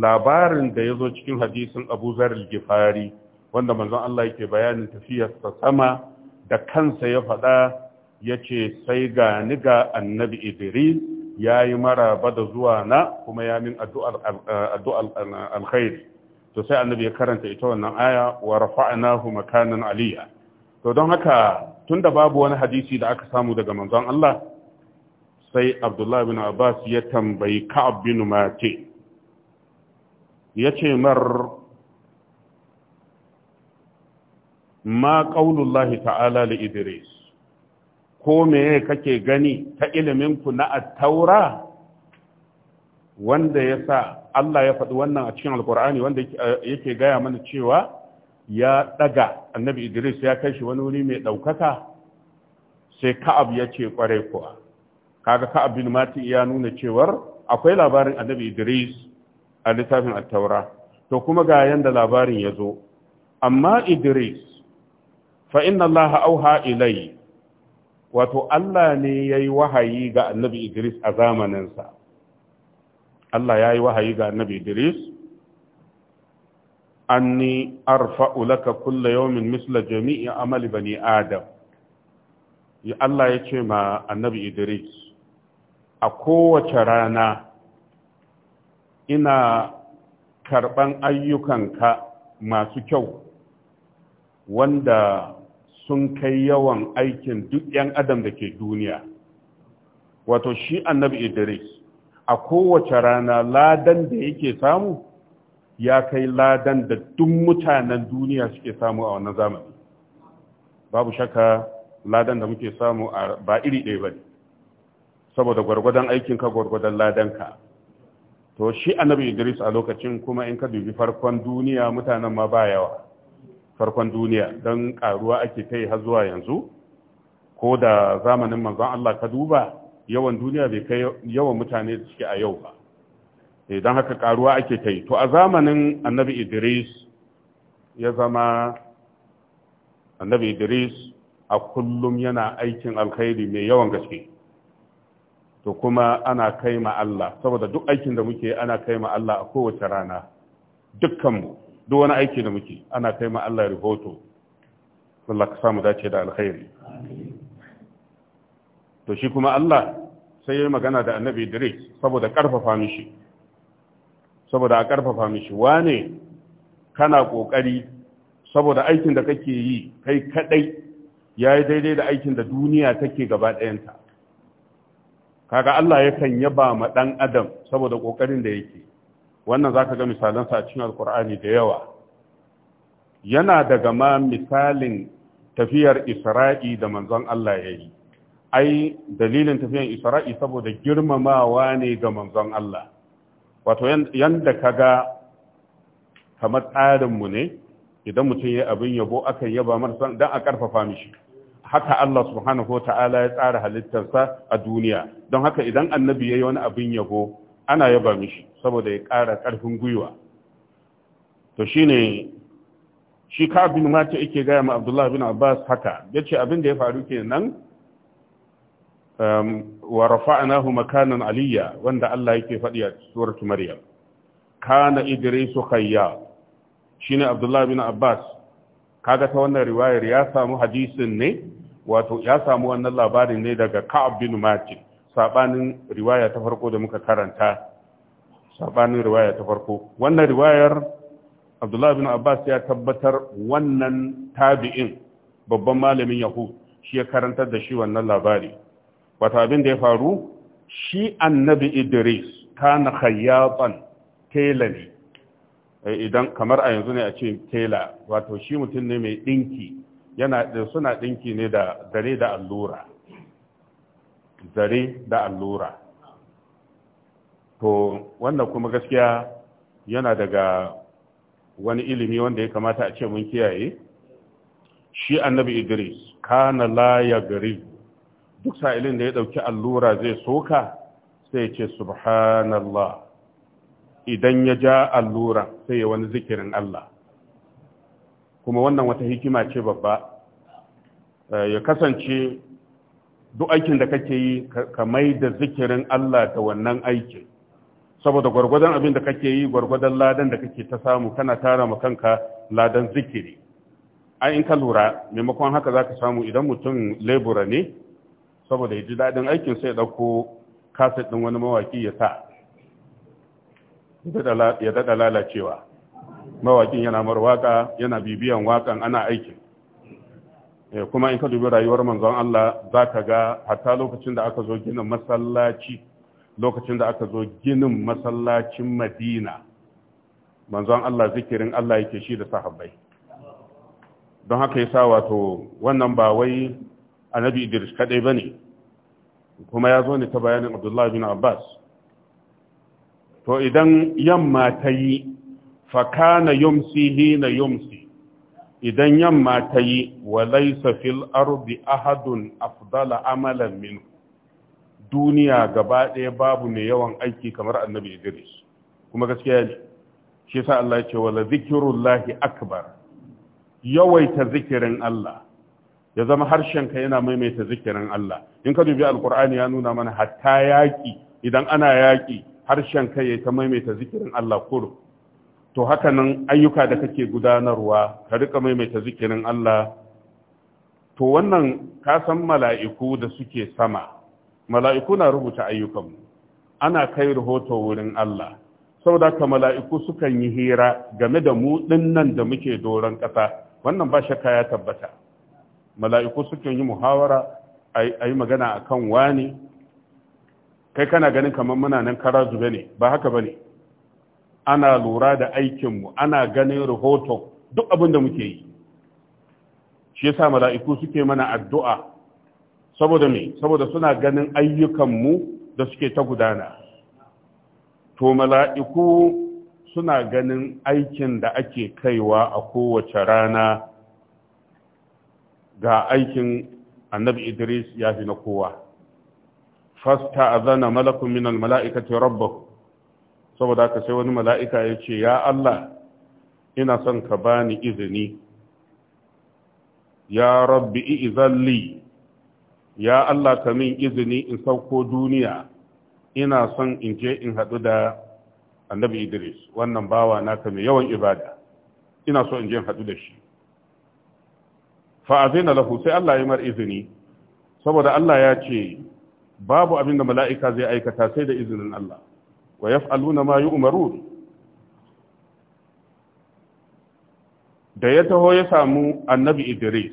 Speaker 1: labarin da ya zo cikin hadisin Abu Zar al-Ghifari wanda manzon Allah yake bayanin tafiyar sa sama da kansa ya faɗa yace sai ga ni ga annabi Idris yayi maraba da zuwa na kuma ya min addu'ar addu'ar alkhairi to sai annabi ya karanta ita wannan aya wa rafa'nahu makanan aliyya to don haka tunda babu wani hadisi da aka samu daga manzon Allah sai Abdullah bin Abbas ya tambayi Ka'ab bin Mate yace mar ma qaulullahi ta'ala li Idris ko me kake gani ta ilimin ku na at-taura wanda yasa Allah ya faɗi wannan a cikin Alƙur'ani wanda eh, yake gaya mana cewa ya daga annabi idris ya kai shi wani wuri mai daukaka sai ka'ab ya ce kwarai kuwa kaga ka'ab bin mati ya nuna cewar akwai labarin annabi idris a littafin at taura to kuma ga yanda labarin ya zo amma idris fa inna allaha auha ilai wato allah ne yayi yi wahayi ga annabi idris a zamaninsa allah yayi wahayi ga annabi idris anni arfa'u ka kulla yawmin misla jami'i amali bani adam ya Allah ya ce ma annabi Idris a kowace rana ina karɓan ayyukanka masu kyau wanda sun kai yawan aikin duk 'yan adam da ke duniya wato shi annabi Idris a kowace rana ladan da yake samu ya kai ladan da duk mutanen duniya suke samu a wannan zamani babu shakka ladan da muke samu a ba iri ɗaya ba saboda gwargwadon aikinka gwargwadon ladanka to shi annabi idris a lokacin kuma in ka dubi farkon duniya mutanen ma ba yawa farkon duniya don karuwa ake kai har zuwa yanzu ko da zamanin manzon Allah ka duba yawan duniya bai kai yawan mutane da suke a yau ba idan eh, haka karuwa ake ta yi to a zamanin annabi idris ya zama annabi idris a kullum yana aikin alkhairi mai yawan gaske to kuma ana kai ma Allah saboda duk aikin da muke ana kai ma Allah a kowace rana dukkanmu duk wani aiki da muke ana kai ma Allah rahoto Allah ka samu dace da alkhairi to shi kuma Allah sai ya magana da annabi Idris saboda karfafa mishi saboda a ƙarfafa mishi wane kana ƙoƙari, saboda aikin da kake yi kai kaɗai ya yi daidai da aikin da duniya take gaba ɗayanta kaga Allah ya kan yaba ma ɗan adam saboda ƙoƙarin da yake wannan za ka ga misalinsa a cikin alkur'ani da yawa yana daga ma misalin tafiyar Isra'i da manzon Allah ya yi. ai dalilin tafiyar Isra'i saboda girmamawa ne ga manzon Allah wato ka ga kamar tsarinmu ne idan mutum ya abin yabo akan yaba marasa don a karfafa mishi haka Allah subhanahu wa ta'ala ya tsara halittarsa a duniya don haka idan annabi ya yi wani abin yabo ana yaba mishi saboda ya ƙara ƙarfin gwiwa to shine shi ka abin mata yake gaya ma Abdullah bin Abbas haka Ya ce abin da ya faru kenan Um, wa rafa'nahu makanan aliyya wanda Allah yake faɗi a suratul maryam kana idrisu khayya shine abdullahi bin abbas kaga ta wannan riwayar ya samu hadisin ne wato ya samu wannan labarin ne daga ka'ab bin malik sabanin riwaya ta farko da muka karanta sabanin riwaya ta farko wannan riwayar abdullahi bin abbas ya tabbatar wannan tabi'in babban malamin yahud shi ya karantar da shi wannan labarin. wata abin da ya faru shi annabi idris kana khayyaban tela ne eh, idan kamar a yanzu ne a ce tela wato shi mutum ne mai dinki yana da suna dinki ne da zare da allura zare da allura to wannan kuma gaskiya yana daga wani ilimi wanda ya kamata a ce mun kiyaye shi annabi idris kana la ya duk sa'ilin da ya ɗauki allura zai soka sai ce subhanallah idan ya ja allura sai ya wani zikirin Allah kuma wannan wata hikima ce babba eh, ya kasance duk aikin da kake yi ka mai da zikirin Allah da wannan aikin saboda gwargwadon abin da kake yi gwargwadon ladan da kake ta samu kana tara ma kanka ladan zikiri ai in ka lura maimakon haka zaka samu idan mutum lebura ne saboda ya ji daɗin aikin sai ɗauko kaset ɗin wani mawaƙi ya sa ya daɗa lalacewa mawaƙin yana mar waƙa yana bibiyan waƙan ana aikin eh, kuma in ka dubi rayuwar manzon Allah za ka ga hatta lokacin da aka zo ginin masallaci lokacin da aka zo ginin masallacin madina manzon Allah zikirin Allah yake shi da sahabbai don haka yasa wato wannan ba wai annabi idris kadai bane kuma ya zo ne ta bayanin abdullahi bin abbas to idan yamma ta yi fakana yumsi hina yumsi idan yamma ta yi wa laisa fil ardi ahadun afdala amalan min duniya gaba ɗaya babu mai yawan aiki kamar annabi idris kuma gaskiya ne shi sa Allah ya ce wala zikrullahi akbar yawaita zikirin Allah ya zama harshen harshenka yana maimaita zikirin Allah in ka dubi alkur'ani ya nuna mana hatta yaƙi idan ana yaƙi harshenka ya ta maimaita zikirin Allah kuro to haka nan ayyuka da kake gudanarwa ka rika maimaita zikirin Allah to wannan ka san mala'iku da suke sama mala'iku na rubuta ayyukanmu ana kai rahoto wurin Allah saboda ka mala'iku sukan yi hira game da mu ɗinnan da muke doron ƙasa wannan ba shakka ya tabbata mala'iku suke yi muhawara a yi magana a kan wani kai kana ganin kamar muna nan kara zube ne ba haka ba ne ana lura da aikinmu ana ganin rahoto duk abin da muke yi shi yasa mala'iku suke mana addu'a saboda me saboda suna ganin ayyukanmu da suke ta gudana to mala'iku suna ganin aikin da ake kaiwa a kowace rana ga aikin annabi idris ya fi na kowa fasta azana malakun ce rabba ku. saboda haka sai wani mala'ika ya ce ya Allah ina son ka bani izini ya rabbi izalli ya Allah ka min izini in sauko duniya ina son in je in haɗu da annabi idris wannan bawa naka mai yawan ibada ina so in je in haɗu da shi fa azina lahu sai Allah ya mar izini saboda Allah ya ce babu abin da mala'ika zai aikata sai da izinin Allah wa yaf'aluna ma umaru? da ya taho ya samu annabi Idris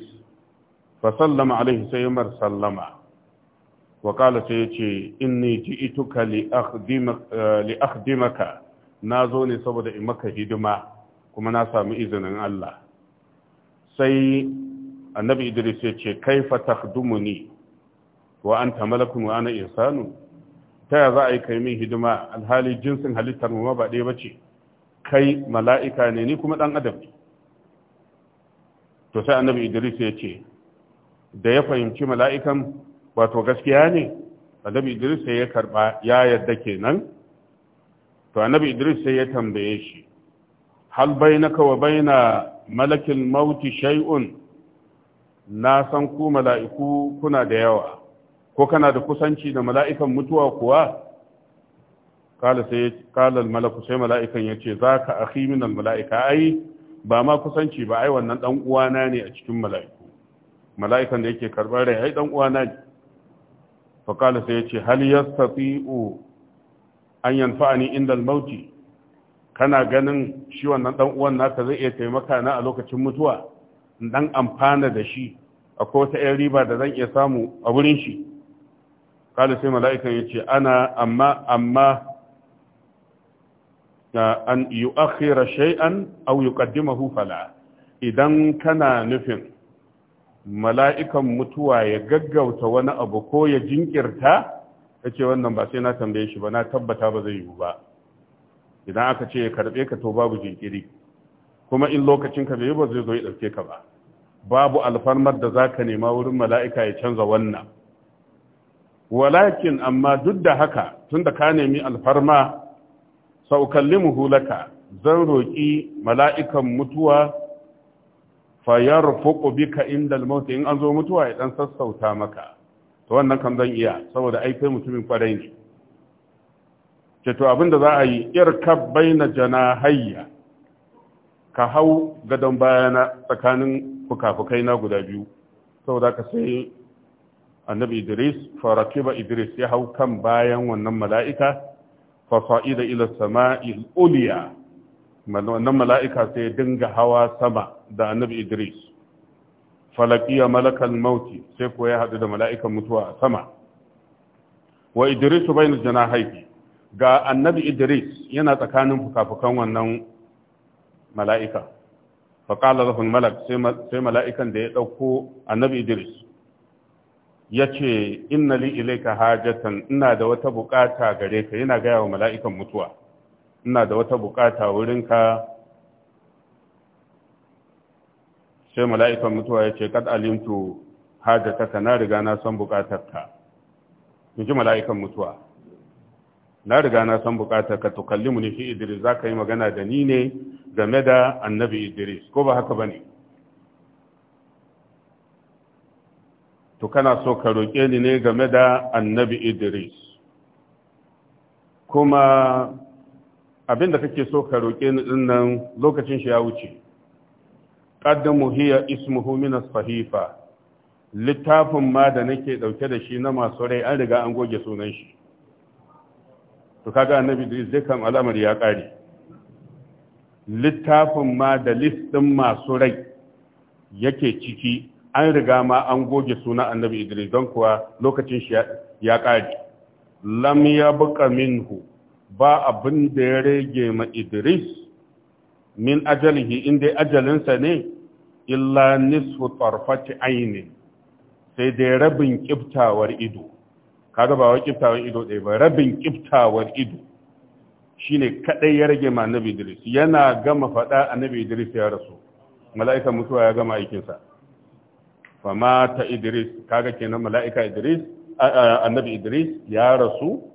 Speaker 1: fa sallama alaihi sai ya mar sallama wa qala sai ya ce inni ji'tuka li akhdimaka li akhdimaka nazo ne saboda in maka hidima kuma na samu izinin Allah sai annabi idris ya ce kaifa takhdumuni wa ta malakun wa ana insanu ta ya za a yi kai min hidima alhali jinsin halittar mu ba ɗaya bace kai mala'ika ne ni kuma ɗan adam ne to sai annabi idris ya ce da ya fahimci mala'ikan wato gaskiya ne annabi idris sai ya karɓa ya yadda kenan to annabi idris sai ya tambaye shi hal kawo bai baina malakin mauti shai'un na san ku mala'iku kuna da yawa ko kana da kusanci da mala'ikan mutuwa kuwa kala sai kala malaku sai mala'ikan ya ce za ka akhi minan mala'ika ai ba ma kusanci ba ai wannan dan ne a cikin mala'iku mala'ikan da yake karɓar rai ai dan ne Fakala sai ya ce hal fi’u, an yanfa'ani kana ganin shi wannan uwan naka zai iya taimaka na a lokacin mutuwa in dan amfana da shi akwai wata 'yan riba da zan iya samu a wurin shi kada sai mala'ikan ya ce ana amma amma an yi shay'an au yi fala idan kana nufin mala'ikan mutuwa ya gaggauta wani abu ko ya jinkirta ya ce wannan ba sai na tambaye shi ba na tabbata ba zai yiwu ba idan aka ce ya karɓe ka to babu jinkiri kuma in lokacin ka bai ba zai zo ya ɗauke ka ba babu alfarmar da za ka nema wurin mala'ika ya canza wannan walakin amma duk da haka tunda ka nemi alfarma saukallimuhu hulaka, zan roki mala'ikan mutuwa fayarfuqu bika inda al in an zo mutuwa ya ɗan sassauta maka to wannan kan zan iya saboda ai mutumin kwarai ne ce to abinda za a yi irkab baina hayya ka hau gadon bayana tsakanin fukafukai na guda biyu saboda ka sai annabi idris farakiba idris ya hau kan bayan wannan mala'ika fasa'ida ila sama'il uliya wannan mala'ika sai dinga hawa sama da annabi idris falakiya malakal mauti sai kuwa ya haɗu da mala'ikan mutuwa a sama wa idris bai jana haifi ga annabi idris yana tsakanin fukafukan wannan mala'ika fa qala malak sai mala'ikan da ya dauko annabi Idris ya yace inna li ilaika hajatan ina da wata bukata gare ka yana gaya wa mala'ikan mutuwa ina da wata bukata wurinka sai mala'ikan mutuwa ya ce kad alimtu ka, na riga na san bukatarka yaji mala'ikan mutuwa na riga na san bukatar ka mu ne fi Idris za ka yi magana da ni ne game da annabi Idris ko ba haka ba ne to kana so ka roƙe ni ne game da annabi Idris kuma abin da kake so ka roƙe ni din nan lokacin shi ya wuce qaddamu hiya ismuhu min as littafin ma da nake dauke da shi na masu rai an riga an goge sunan shi to kaga annabi Idris dai kam al'amar ya kare littafin ma da listin masu rai yake ciki an riga ma an goge suna annabi Idris don kuwa lokacin shi ya kare lam ya buka minhu ba abin da ya rage ma Idris min ajalihi inda ajalinsa ne illa nisfu tarfati aini. sai da rabin kiftawar ido Ka ba wai kiftawar ido ɗaya ba rabin kiftawar ido ne kaɗai ya rage ma annabi Idris yana gama faɗa annabi Idris ya rasu mala'ikan mutuwa ya gama aikinsa fa mata Idris kaga kenan mala'ika Idris annabi Idris ya rasu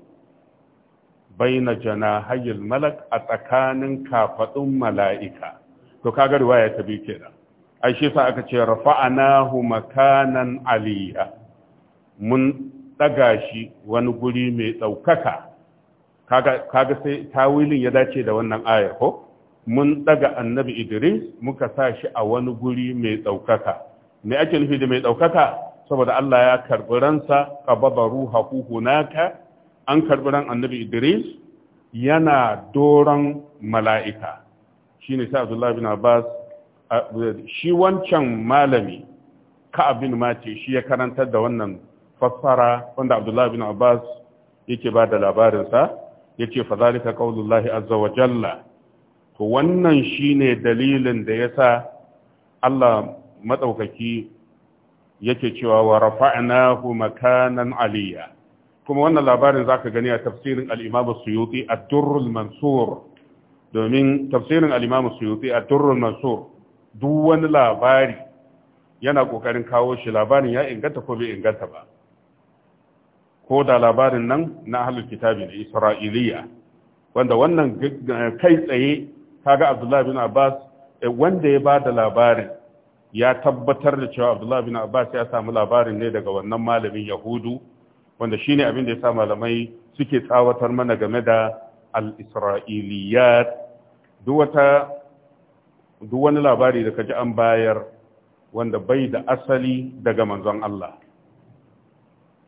Speaker 1: baina janahayil malak a tsakanin kafadun mala'ika to kaga riwaya ta biyu kenan ai shi sa aka ce rafa'anahu makanan aliya mun ɗaga shi wani guri mai ɗaukaka kaga sai tawilin ya dace da wannan ayar ko mun ɗaga annabi idris muka sa shi a wani guri mai ɗaukaka me ake nufi da mai ɗaukaka saboda Allah ya karɓi ransa qabada ruhahu hunaka an karɓi ran annabi idris yana doron mala'ika ne sai Abdullah bin Abbas shi wancan malami ka abin mace shi ya karantar da wannan fassara wanda Abdullah bin Abbas yake ba da labarinsa ya ce fazalika ƙaunullahi Azzawajalla, to wannan shine dalilin da ya sa Allah matsaukaki yake cewa wa rafa'nahu makanan aliyya kuma wannan labarin zaka gani a tafsirin al-Imam Suyuti ad-Durrul Mansur domin tafsirin al-Imam Suyuti ad-Durrul Mansur duk wani labari yana ƙoƙarin kawo shi labarin ya inganta ko bai inganta ba ko da labarin nan na ahlul kitabi na isra'iliya wanda wannan kai tsaye kaga abdullahi bin abbas eh, wanda ya ba da labarin ya tabbatar da cewa abdullahi bin abbas ya samu labarin ne daga wannan malamin yahudu wanda shine abin da ya sa malamai suke tsawatar mana game da al-isra'iliyat duk wata duk wani labari da kaji an bayar wanda bai da asali daga manzon Allah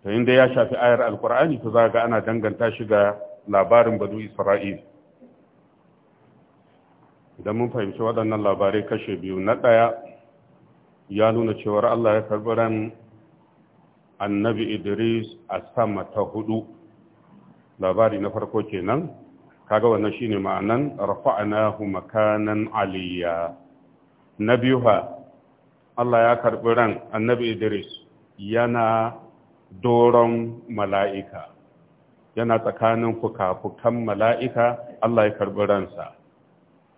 Speaker 1: to inda ya shafi ayar alkur'ani to za ga ana danganta shi ga labarin badu isra'il idan mun fahimci waɗannan labarai kashe biyu na ɗaya ya nuna cewar allah ya karɓi ran annabi idris a sama ta hudu labari na farko kenan kaga wannan shine ma'anan rafa'nahu makanan aliyya na biyu ha, Allah ya karɓi ran annabi Idris yana doron mala'ika yana tsakanin fuka-fukan mala'ika Allah ya karɓi ransa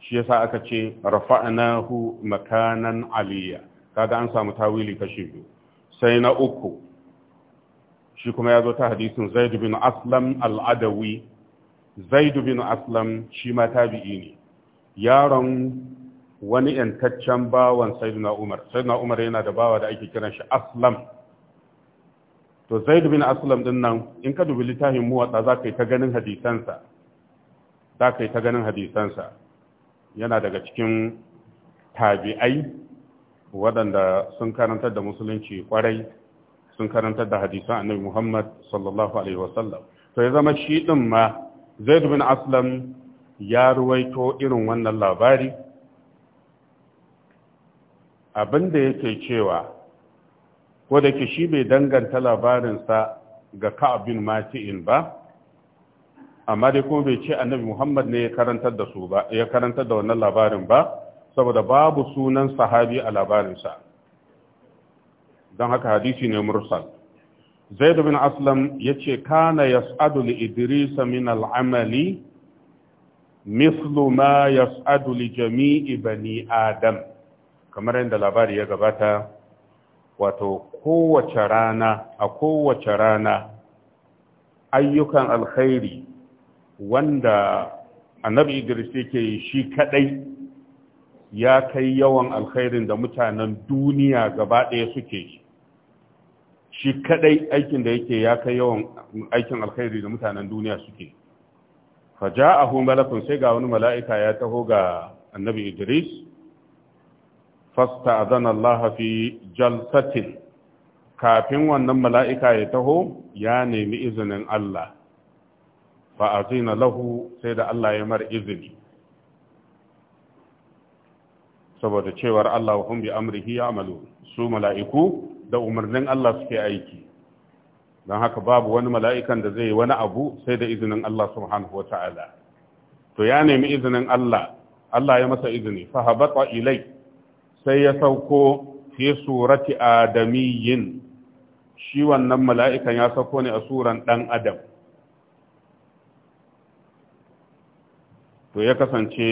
Speaker 1: shi yasa aka ce rafa'nahu makanan aliyya kaga an samu tawili kashi biyu sai na uku shi kuma ya zo ta hadisin zaid bin aslam al-adawi zaid bin aslam shi ma tabi'i ne yaron wani yantaccen bawan sayyidina umar sayyidina umar yana da bawa da ake kiran shi aslam to zaid bin aslam din nan in ka dubi littafin muwatta za ka yi ta ganin hadisansa za ka ta ganin hadisansa yana daga cikin tabi'ai waɗanda sun karantar da musulunci kwarai sun karantar da hadisan annabi muhammad sallallahu alaihi wasallam to ya zama shi din ma zaid bin aslam ya ruwaito irin wannan labari abin da yake cewa ko da ke shi bai danganta labarinsa ga ka'abin mati'in ba amma dai kuma bai ce annabi muhammad ne ya karantar da ba ya karantar da wannan labarin ba saboda babu sunan sahabi a labarinsa don haka hadisi ne mursal zaid bin aslam ya ce kana yas'adu li idrisa min al'amali mislu ma yas'adu li jami'i bani adam kamar yadda labari ya gabata wato kowace rana a kowace rana ayyukan alkhairi wanda annabi idris yake yi shi kadai ya kai yawan alkhairin da mutanen duniya gaba ɗaya suke yi shi kadai aikin da yake ya kai yawan aikin alkhairi da mutanen duniya suke fa ja'ahu malakun sai ga wani mala'ika ya taho ga annabi idris fasta azana Allah fi jalsatin kafin wannan mala'ika ya taho ya nemi izinin Allah fa azina lahu sai da Allah ya mar izini saboda cewar Allah wa bi amrihi ya amalu su mala'iku da umarnin Allah suke aiki don haka babu wani mala'ikan da zai wani abu sai da izinin Allah subhanahu wa ta'ala to ya nemi izinin Allah Allah ya masa izini fa habata ilai sai ya sauko fi surati adamiyin shi wannan mala'ikan ya sauko ne a suran ɗan adam to ya kasance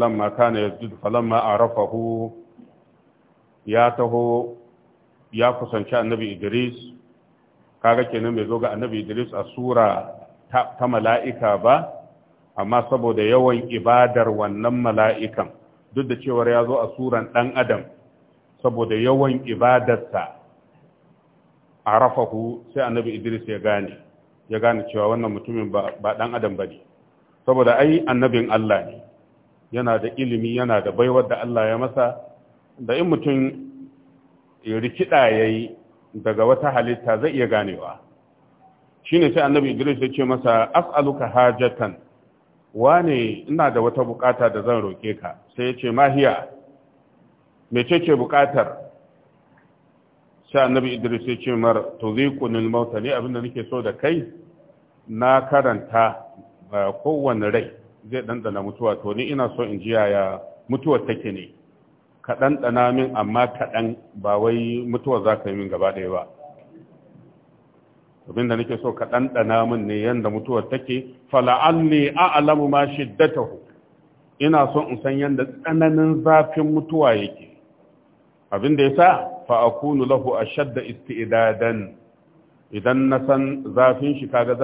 Speaker 1: lamma kana yajid falamma arafahu ya taho ya kusanci annabi Idris kaga kenan bai zo ga annabi Idris a sura ta, mala'ika ba amma saboda yawan ibadar wannan mala'ikan duk da cewar ya zo a suran ɗan adam saboda yawan ibadarsa a rafahu sai annabi idris ya gane ya gane cewa wannan mutumin ba ɗan adam ba ne saboda ai annabin allah ne yana da ilimi yana da baiwar da allah ya masa da in mutum rikida ya yi daga wata halitta zai iya ganewa Shi ne sai annabi idris ya ce masa as'aluka hajatan wane ina da wata bukata da zan roke ka sai ya ce mahiya mece ce bukatar sha annabi idris ya ce mar to zai kunin mauta ne abinda nake so da kai na karanta ba kowane rai zai ɗanɗana mutuwa to ni ina so in ji yaya mutuwar take ne ka ɗanɗana min amma kaɗan ba wai mutuwar za ka yi min gaba ɗaya ba abinda nake so ka ɗanɗana min ne yanda mutuwar take a a'lamu ma shiddatahu ina so in san yadda tsananin zafin mutuwa yake abinda yasa fa akunu lahu ashadda isti'dadan idan na san zafin shi kaga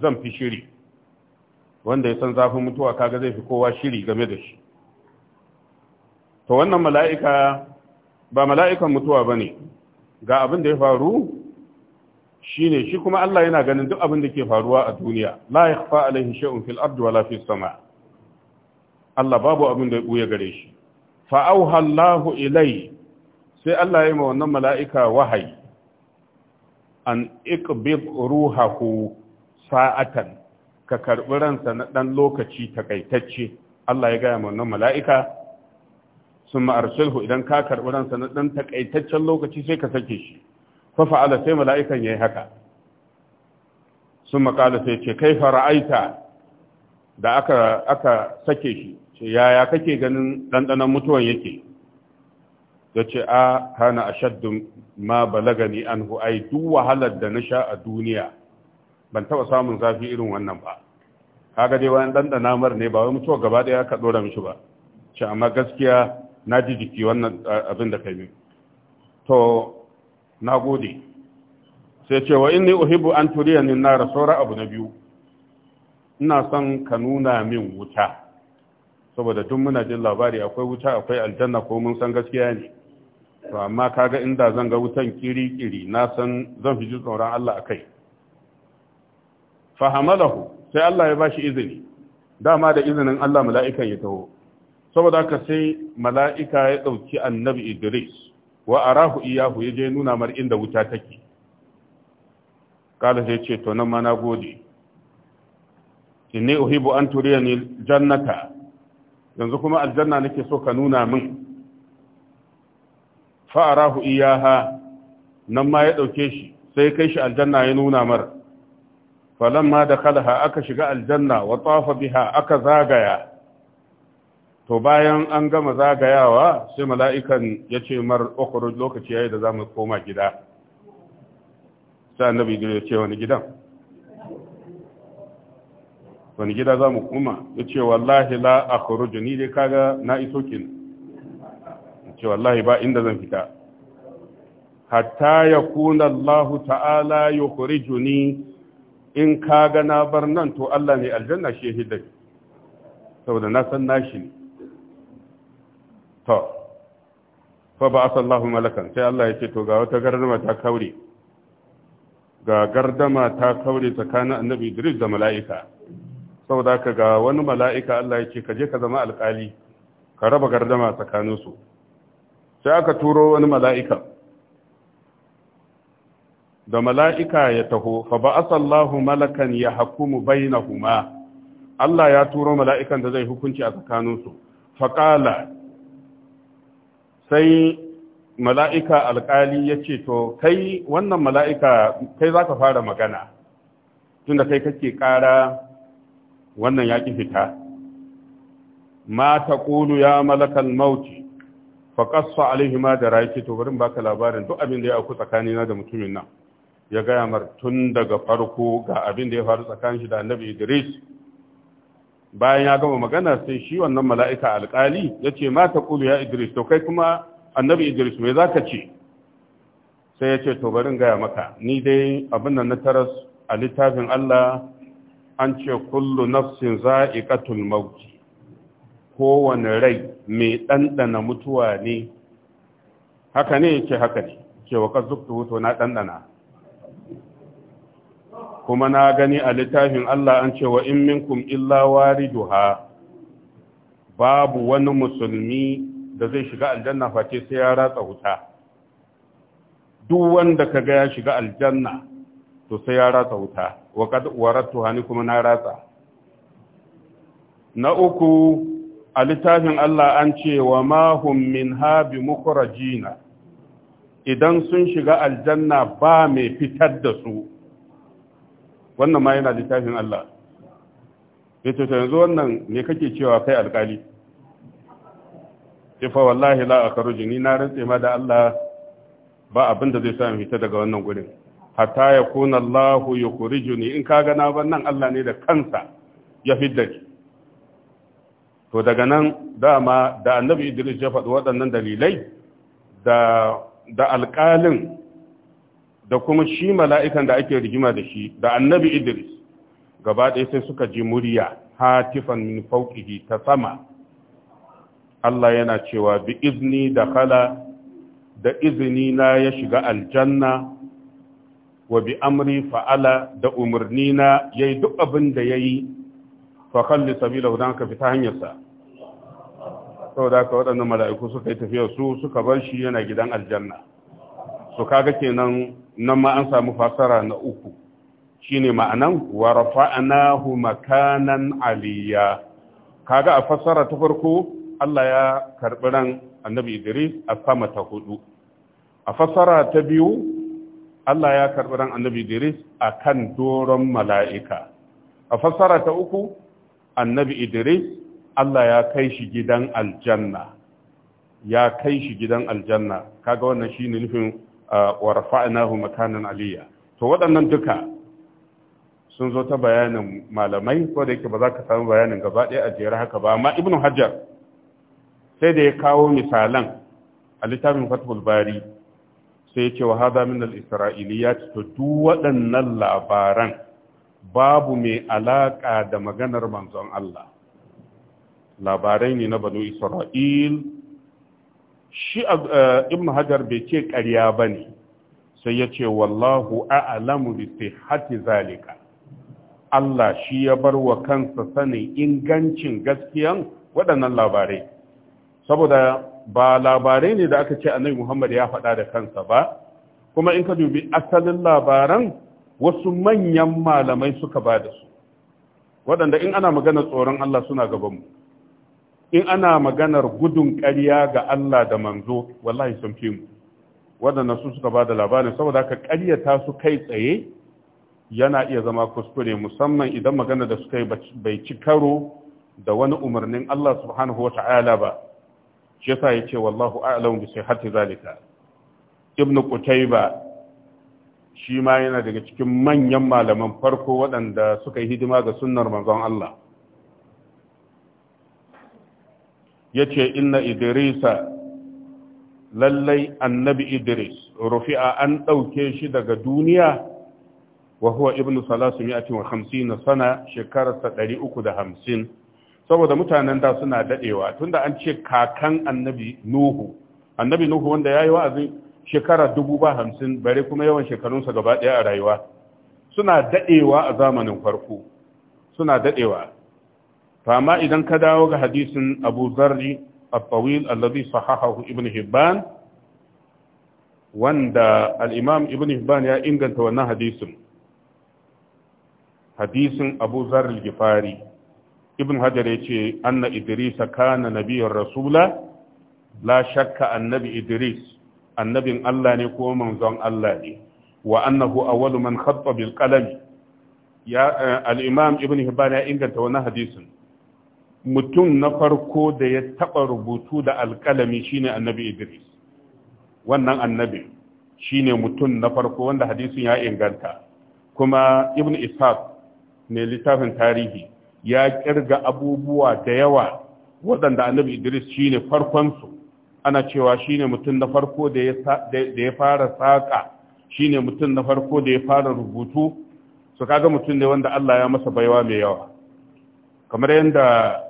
Speaker 1: zan fi shiri wanda ya san zafin mutuwa kaga zai fi kowa shiri game da shi to wannan mala'ika ba mala'ikan mutuwa bane ga abin da ya faru ne, shi kuma Allah yana ganin duk abin da ke faruwa a duniya la yakhfa alaihi shay'un fil ardi wala fis sama Allah babu abin da ya gare shi fa auha Allahu ilai sai Allah ya yi wannan mala'ika wahayi an iqbid ruhahu sa'atan ka karbi ransa na dan lokaci takaitacce Allah ya gaya wannan mala'ika sun ma'arsulhu idan ka karbi ransa na dan takaitaccen lokaci sai ka sake shi fa fa'ala sai mala'ikan yayi haka sun makala sai ce kai fara'aita da aka aka sake shi ce yaya kake ganin ɗanɗanon mutuwan yake ya ce a hana a ma balagani an ai duk wahalar da na sha a duniya ban taɓa samun zafi irin wannan ba kaga dai wani ɗanɗana mar ne ba wai mutuwa gaba ɗaya aka ɗora mishi ba ce amma gaskiya na ji jiki wannan abin da kai to na gode sai ce wa inni uhibbu an ni nara saura abu na biyu ina son ka nuna min wuta saboda duk muna jin labari akwai wuta akwai aljanna ko mun san gaskiya ne to amma kaga inda zan ga wutan kiri-kiri na san zan fi ji tsoron Allah akai fahamalahu sai Allah ya bashi izini dama da izinin Allah mala'ikan ya taho saboda haka sai mala'ika ya dauki annabi Idris wa arahu iyahu ya je nuna mar inda wuta take kala sai ce to nan ma na gode inni uhibu an turiyani jannata yanzu kuma aljanna nake so ka nuna min fa arahu iyaha nan ma ya dauke shi sai kai shi aljanna ya nuna mar falamma da kalaha aka shiga aljanna wa tafa biha aka zagaya to bayan an gama zagayawa sai mala'ikan ya ce mar ukhruj lokaci yayi da za mu koma gida sai gina ya ce wani gidan wani gida za mu kuma ya ce wallahi la a kuruju ni dai kaga na iso kin ya ce wallahi ba inda zan fita hatta ya kuna allahu ta'ala ya kuruju jini, in kaga na bar nan to allah ne aljanna shi ya hidda saboda na san nashi ne to fa ba asallahu malakan sai Allah ya ce to ga wata gardama ta kaure ga gardama ta kaure tsakanin annabi Idris da mala'ika saboda ka ga wani mala'ika Allah ya ce ka je ka zama alƙali ka raba gardama tsakaninsu sai aka turo wani mala'ika da mala'ika ya taho fa ba asallahu malakan ya hakumu bainahuma Allah ya turo mala'ikan da zai hukunci a tsakaninsu ƙala. sai mala'ika alƙali ya ce to kai wannan mala'ika kai za ka fara magana tunda kai kake ƙara wannan ya fita ma ta ƙulu ya malakan mauti faƙasfa ma da raki to barin baka labarin duk abin da ya auku tsakanina da mutumin nan ya gaya mar daga farko ga abin da ya faru tsakanin shi da annabi idris bayan ya gama magana sai shi wannan mala'ika alƙali ya ce ma ta ƙulu ya idris to kai kuma annabi idris mai za ka ce sai ya ce to barin gaya maka ni dai abin da na taras a littafin allah an ce kullu nafsin za'iqatul mauti kowane rai mai ɗanɗana mutuwa ne haka ne ya ce haka ne Ke wa zubta to na ɗanɗana kuma na gani a littafin Allah an ce wa in minkum illa wariduha babu wani musulmi da zai shiga aljanna face sai ya ratsa wuta duk wanda kaga ya shiga aljanna to sai ya ratsa wuta wa kad waratu hani kuma na ratsa na uku a littafin Allah an ce wa ma hum minha bi mukhrajina idan sun shiga aljanna ba mai fitar da su wannan ma yana littafin Allah ya ce yanzu wannan ne kake cewa kai alkali ifa wallahi la karo jini na rantse ma da Allah ba abin da zai sa fita daga wannan gurin hatta ya kuna Allah jini in ka gana ba nan Allah ne da kansa ya fidda ki to daga nan dama da annabi Idris ya faɗi waɗannan dalilai da da alƙalin da kuma shi mala'ikan da ake rigima da shi da annabi Idris gaba ɗaya sai suka ji murya hatifan min fauƙihi ta sama Allah yana cewa bi izini da kala da izini na ya shiga aljanna wa bi amri fa'ala da umarni na ya yi duk abin da ya yi fakalli sabila don ka fita hanyarsa sau da ka waɗannan mala'iku suka yi tafiya su suka bar shi yana gidan aljanna su kaga kenan nan ma an samu fasara na uku shine ma'anan wa makanan aliyya kaga a fasara ta farko Allah ya karbi ran Annabi Idris a sama ta hudu a fasara ta biyu Allah ya karbi ran Annabi Idris a kan doron mala'ika a fasara ta uku Annabi Idris Allah ya kai shi gidan aljanna ya kai shi gidan aljanna kaga wannan shine nufin wa rafa'nahu makanan aliyya to waɗannan duka sun zo ta bayanin malamai ko da yake ba za ka samu bayanin gaba ɗaya a jere haka ba amma ibnu hajjar sai da ya kawo misalan a littafin fatul bari sai ya ce wa hada min al-isra'iliyat to duk waɗannan labaran babu mai alaka da maganar manzon Allah labarai ne na banu Isra'il shi eh, ibn hajar bai ce ƙarya ba ne sai ya ce wallahu a'lamu bi hati zalika Allah shi ya bar wa kansa sanin ingancin gaskiyan waɗannan labarai saboda ba labarai ne da aka ce annabi Muhammad ya faɗa da kansa ba kuma in ka dubi asalin labaran wasu manyan malamai suka ba da su waɗanda in ana magana tsoron Allah suna gabanmu in ana maganar gudun ƙarya ga Allah da manzo wallahi sun fi mu waɗanda su suka ba da labarin saboda haka ƙaryata su kai tsaye yana iya zama kuskure musamman idan magana da suka yi bai ci karo da wani umarnin Allah subhanahu wa ta'ala ba shi yasa ce wallahu a'lamu bi sihhati zalika ibn qutayba shi ma yana daga cikin manyan malaman farko waɗanda suka yi hidima ga sunnar manzon Allah ya ce inna idrisa lallai annabi idris rufi'a an ɗauke shi daga duniya wa huwa ibn salasu mi'atin wa hamsin sana shekararsa ɗari uku da hamsin saboda mutanen da suna daɗewa tunda an ce kakan annabi nuhu annabi nuhu wanda ya yi wa'azin shekara dubu ba hamsin bare kuma yawan shekarunsa gaba ɗaya a rayuwa suna daɗewa a zamanin farko suna daɗewa fama idan ka dawo ga hadisin abu zarri a tawil alladhi sahahahu ibn hibban wanda al ibn hibban ya inganta wannan hadisin hadisin abu zarri gifari ibn hajar ya ce anna Idris kana nabiyar rasula la shakka annabi idris annabin allah ne ko manzon allah ne wa annahu awwalu man khatta bil qalam ya eh, al-imam ibn hibban ya inganta wannan hadisin mutum na farko da ya taɓa rubutu da alkalami shine annabi Idris wannan annabi shine mutum na farko wanda hadisin ya inganta kuma ibn ishaq ne littafin tarihi ya kirga abubuwa da yawa waɗanda annabi idris shine su. ana cewa shine mutum na farko da ya fara saƙa shine mutum na farko da ya fara rubutu su kaga mutum ne wanda allah ya masa baiwa mai yawa kamar yadda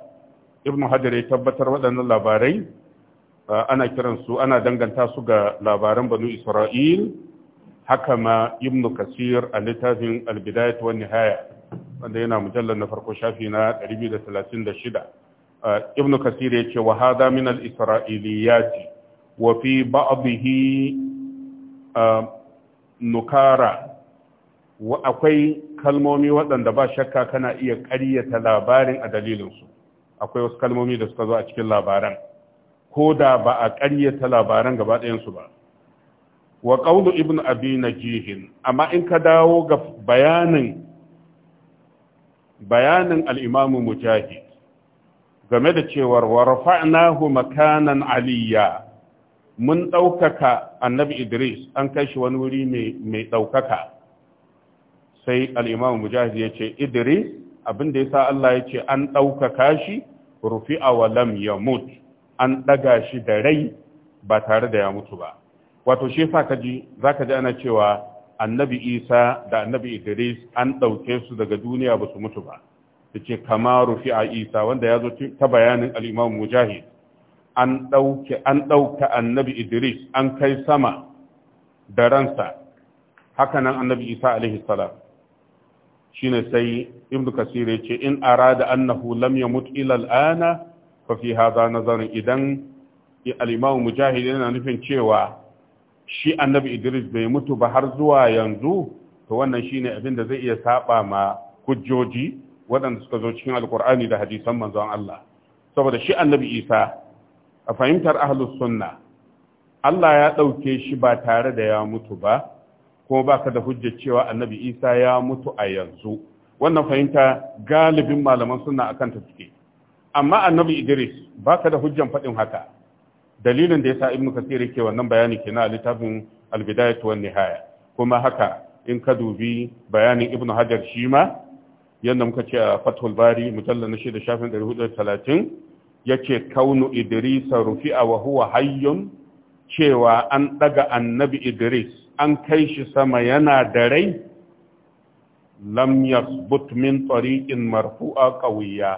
Speaker 1: ibnu hajar ya tabbatar waɗannan labarai ana su ana danganta su ga labaran banu isra'il haka ma ibnu kasir a littafin albidayat wa nihaya wanda yana mujallar na farko shafi na 236 ibnu kasir ya ce wa hada min al-isra'iliyati wa fi ba'dihi nukara akwai kalmomi waɗanda ba shakka kana iya ƙaryata labarin a dalilinsu akwai wasu kalmomi da suka zo a cikin labaran ko da ba a ƙaryata labaran gaba ɗayansu ba wa ƙaunu ibn abi jihin. amma in ka dawo ga bayanin bayanin al'imamu mujahid game da cewar warfa'nahu makanan aliyya mun ɗaukaka annabi idris an kai shi wani wuri mai ɗaukaka sai al'imamu mujahid ya ce idris abinda da ya sa Allah ya ce an ɗaukaka shi rufi'a wa lam yamut an daga shi da rai ba tare da ya mutu ba wato shi yasa kaji zaka ji ana cewa annabi Isa da annabi Idris an ɗauke su daga duniya ba su mutu ba Dake kama rufi'a Isa wanda ya zo ta bayanin alimam Mujahid an dauke an ɗauka annabi Idris an kai sama da ransa Hakanan annabi Isa alaihi salam shine sai ibn kasir ya ce in ara da annahu lamya yamut ila al'ana fa fi hadha nazarin idan al-imam yana nufin cewa shi annabi idris bai mutu ba har zuwa yanzu to wannan shine abin da zai iya saɓa ma hujjoji waɗanda suka zo cikin alkur'ani da hadisan manzon Allah saboda shi annabi isa a fahimtar ahlus sunna Allah ya ɗauke shi ba tare da ya mutu ba kuma baka da hujjar cewa annabi isa ya mutu a yanzu wannan fahimta galibin malaman suna akan ta suke amma annabi idris baka da hujjan faɗin haka dalilin da ya yasa ibnu kasir ke wannan bayani ke na littafin al-bidayatu wan nihaya kuma haka in ka dubi bayanin ibnu hajar shi ma yadda muka ce a fathul bari mujallar na shida shafin da ya ce kaunu idrisa rufi'a wa huwa hayyun cewa an daga annabi idris an kai shi sama yana da rai lam yasbut min tariqin marfu'a qawiyya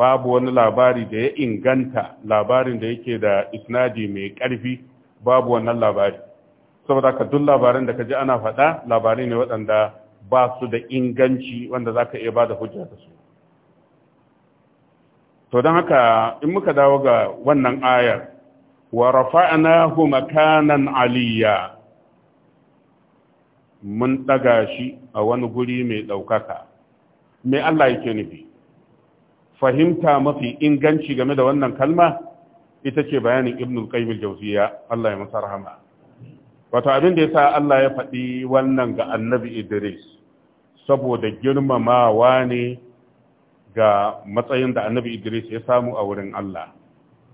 Speaker 1: babu wani labari da ya inganta labarin da yake da isnadi mai ƙarfi babu wannan labari saboda ka duk labarin da ka ji ana faɗa labari ne waɗanda ba su da inganci wanda za ka iya ba da hujja da su to don haka in muka dawo ga wannan ayar wa rafa'nahu makanan aliyya mun ɗaga shi a wani guri mai ɗaukaka me Allah yake nufi fahimta mafi inganci game da wannan kalma ita ce bayanin ibnul qayyim al-jawziya Allah ya masa rahama wato abin da yasa Allah ya faɗi wannan ga annabi Idris saboda girmamawa ne ga matsayin da annabi Idris ya samu a wurin Allah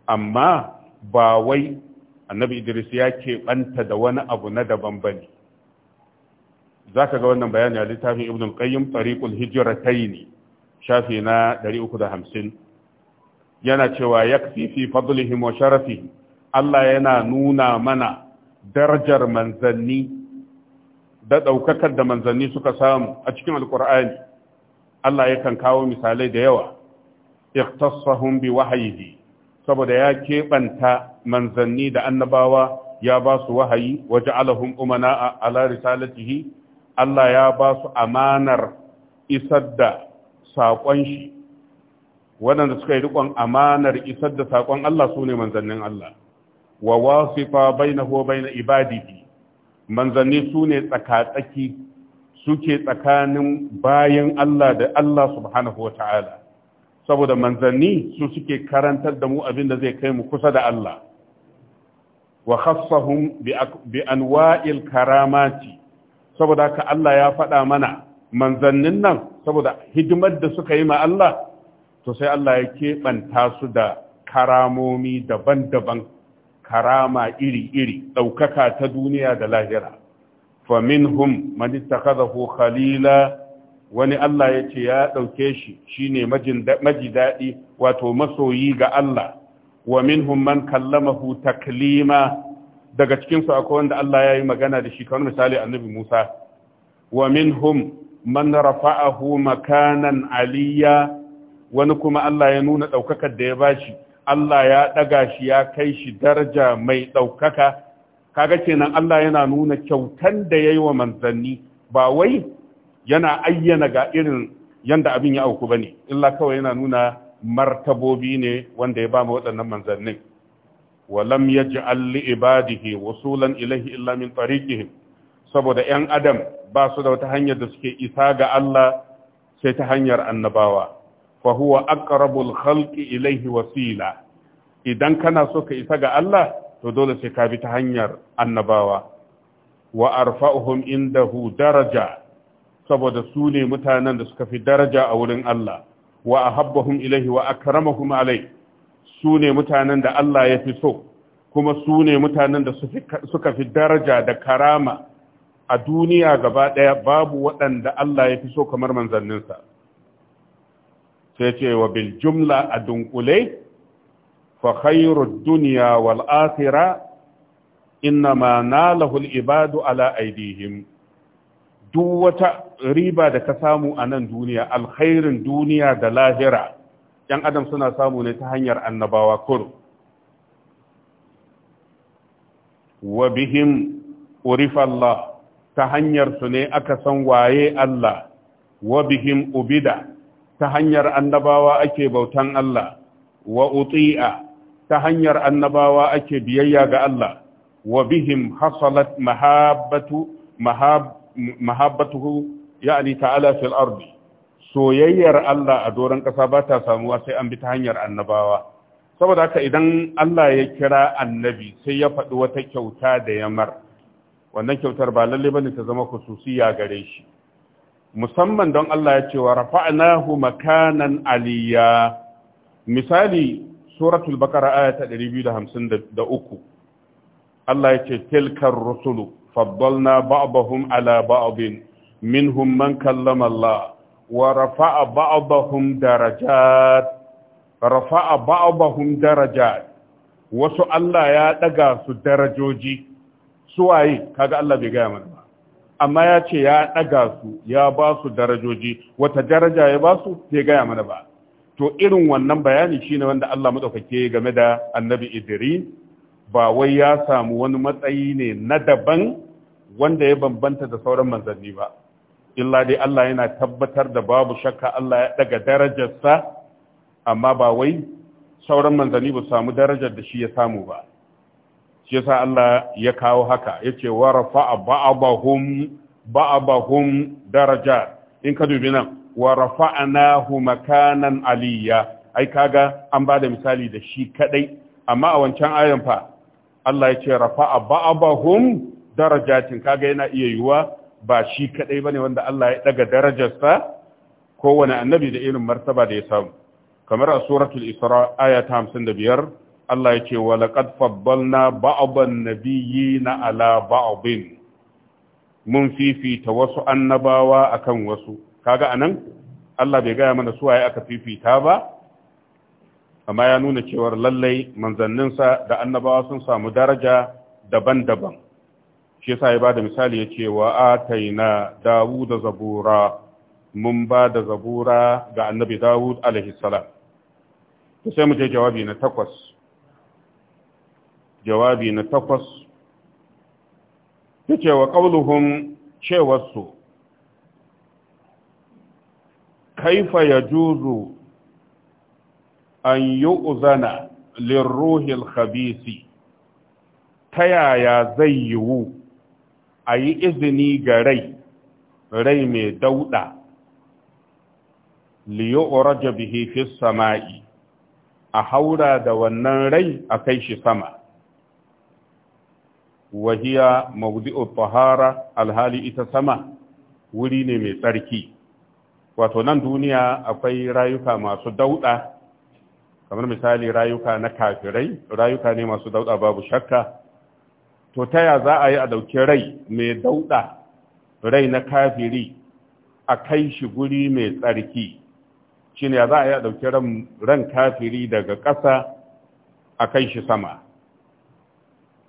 Speaker 1: amma ba wai annabi Idris ya keɓanta da wani abu na daban bane zaka ga wannan bayani a littafin ibn qayyim tariqul ne. shafi na 350 yana cewa yakfi fi fadlihim wa Allah yana nuna mana darajar manzanni da daukakar da manzanni suka samu a cikin alqur'ani Allah yakan kawo misalai da yawa ikhtassahum bi wahyihi saboda ya keɓanta manzanni da annabawa ya ba su wahayi waje alahun umana ala risalatihi Allah ya ba su amanar isar da saƙon shi waɗanda suka yi riƙon amanar isar da saƙon Allah su ne manzannin Allah wa wasifa bai na ibadidi, manzanni su ne tsakatsaki suke tsakanin bayan Allah da Allah subhanahu wa ta'ala saboda manzanni su suke karantar da mu abin da zai kai mu kusa da Allah wa khassahum bi anwa'il karamati saboda haka Allah ya faɗa mana manzannin nan saboda hidimar da suka yi ma Allah to sai Allah ya keɓanta su da karamomi daban-daban karama iri-iri ɗaukaka ta duniya da lahira faminhum man ittakhadhahu khalila wani Allah ya ce ya ɗauke shi shine maji daɗi wato masoyi ga Allah wa hum man kallamahu taklima daga cikinsu akwai wanda Allah ya yi magana da shi kamar misali annabi Musa wa minhum man rafa'ahu makanan aliyya wani kuma Allah ya nuna ɗaukakar da ya bashi Allah ya ɗaga shi ya kai shi daraja mai ɗaukaka kaga kenan Allah yana nuna kyautan da ya yi wa manzanni ba wai yana ayyana ga irin yanda abin ya auku ba ne illa kawai yana nuna martabobi ne wanda ya ba mu waɗannan manzannin walam alli li ibadihi wusulan ilaihi illa min saboda ‘yan adam ba su da wata hanyar da suke isa ga Allah sai ta hanyar annabawa, fa huwa aqrabul khalqi ilaihi wasila idan kana so ka isa ga Allah to dole sai ka bi ta hanyar annabawa wa arfa'uhum indahu daraja saboda su ne mutanen da suka fi daraja a wurin Allah wa ahabbahum ilaihi wa akramahum alai su ne mutanen da Allah ya fi so kuma su ne mutanen da suka fi daraja da karama a duniya gaba ɗaya babu waɗanda Allah ya fi so kamar manzanninsa sai ce wa bil jumla a dunkule fa khairu duniya wal akhira ma nalahu al ibadu ala aidihim duk wata riba da ka samu a nan duniya alkhairin duniya da lahira yan adam suna samu ne ta hanyar annabawa kuro wa bihim urifa ta hanyar su ne aka san waye Allah wa bihim ubida ta hanyar annabawa ake bautan Allah wa uti'a ta hanyar annabawa ake biyayya ga Allah wa bihim hasalat mahabbatu mahabbatuhu ya'ni ta'ala fil ardi soyayyar Allah a doron ƙasa ba ta samuwa sai an bi ta hanyar annabawa saboda haka idan Allah ya kira annabi sai ya faɗi wata kyauta da yamar wannan kyautar ba lalle bane ta zama khususiya gare shi musamman don Allah ya ce wa rafa'nahu makanan aliyya misali suratul baqara aya ta uku, Allah ya ce tilkar rusulu faddalna ba'dahum ala ba'din minhum man kallama Allah wa rafa'a ba'dahum daraja, rafa'a ba'dahum wasu Allah ya daga su darajoji suwaye kaga Allah bai gaya mana ba amma ya ce ya daga su ya ba su darajoji wata daraja ya ba su bai gaya mana ba to irin wannan bayani shine wanda Allah madaukake game da Annabi Idris ba wai ya samu wani matsayi ne na daban wanda ya bambanta da sauran manzanni ba illa dai Allah yana tabbatar da babu shakka Allah ya daga darajarsa amma ba wai sauran manzanni ba samu darajar da shi ya samu ba shi yasa Allah ya kawo haka yace wa rafa'a ba'dahum ba'dahum daraja in ka dubi nan wa rafa'nahu makanan aliyya ai kaga an ba da misali da shi kadai amma a wancan ayan fa Allah yace ce rafa'a ba'dahum darajatin kaga yana iya yiwuwa ba shi kadai bane wanda Allah ya daga darajarsa kowane annabi da irin martaba da ya samu kamar a suratul isra aya ta 55 Allah ya ce wa laqad faddalna ba'dan nabiyyina ala ba'din mun fifita wasu annabawa akan wasu kaga anan Allah bai gaya mana su waye aka fifita ba amma ya nuna cewar lallai manzanninsa da annabawa sun samu daraja daban-daban shi yasa ya bada misali yace wa ataina Dawud zabura mun ba da zabura ga annabi Dawud alaihi salam to sai mu je jawabi na takwas jawabi na takwas yace wa qauluhum cewarsu kaifa yajuzu an yu'zana lirruhil khabisi ta yaya zai yiwu a yi izini ga rai rai mai dauɗa liyo oraja bihe fi sama'i a haura da wannan rai a kai shi sama wahiya mawdi'u tahara alhali ita sama wuri ne mai tsarki wato nan duniya akwai rayuka masu dauɗa kamar misali rayuka na kafirai rayuka ne masu dauɗa babu shakka to ta ya za a yi a ɗauki rai mai dauɗa rai na kafiri a kai shi guri mai tsarki shi ne za a yi a ɗauki ran kafiri daga ƙasa a kai shi sama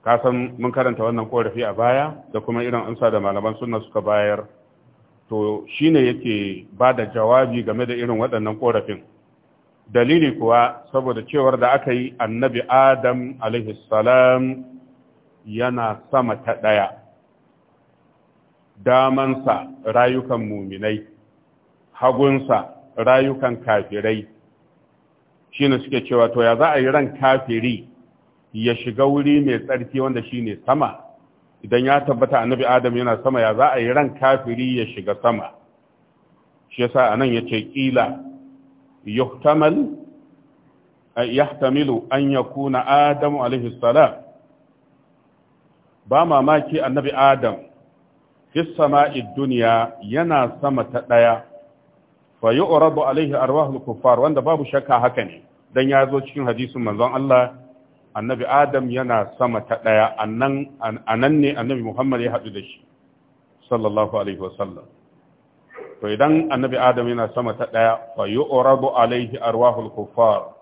Speaker 1: kasan mun karanta wannan korafi a baya da kuma irin amsa da malaman sunna suka bayar to shi ne yake ba da jawabi game da irin waɗannan korafin dalili kuwa saboda cewar da aka yi annabi adam alaihissalam yana sama ta ɗaya damansa rayukan muminai hagunsa rayukan kafirai shi ne suke cewa to ya za a yi ran kafiri ya shiga wuri mai tsarki wanda shi ne sama idan ya tabbata annabi adam yana sama ya za a yi ran kafiri ya shiga sama shi a nan ya ce ƙila yuhtamal eh, yahtamilu an yakuna adamu alaihi salam ba mamaki annabi adam fis sama'i duniya yana sama ta daya fa yu'radu alaihi arwahul kuffar wanda babu shakka haka ne dan ya zo cikin hadisin manzon Allah annabi adam yana sama ta daya annan anan ne annabi Muhammad ya hadu da shi sallallahu alaihi wasallam to idan annabi adam yana sama ta daya fa yu'radu alaihi arwahul kuffar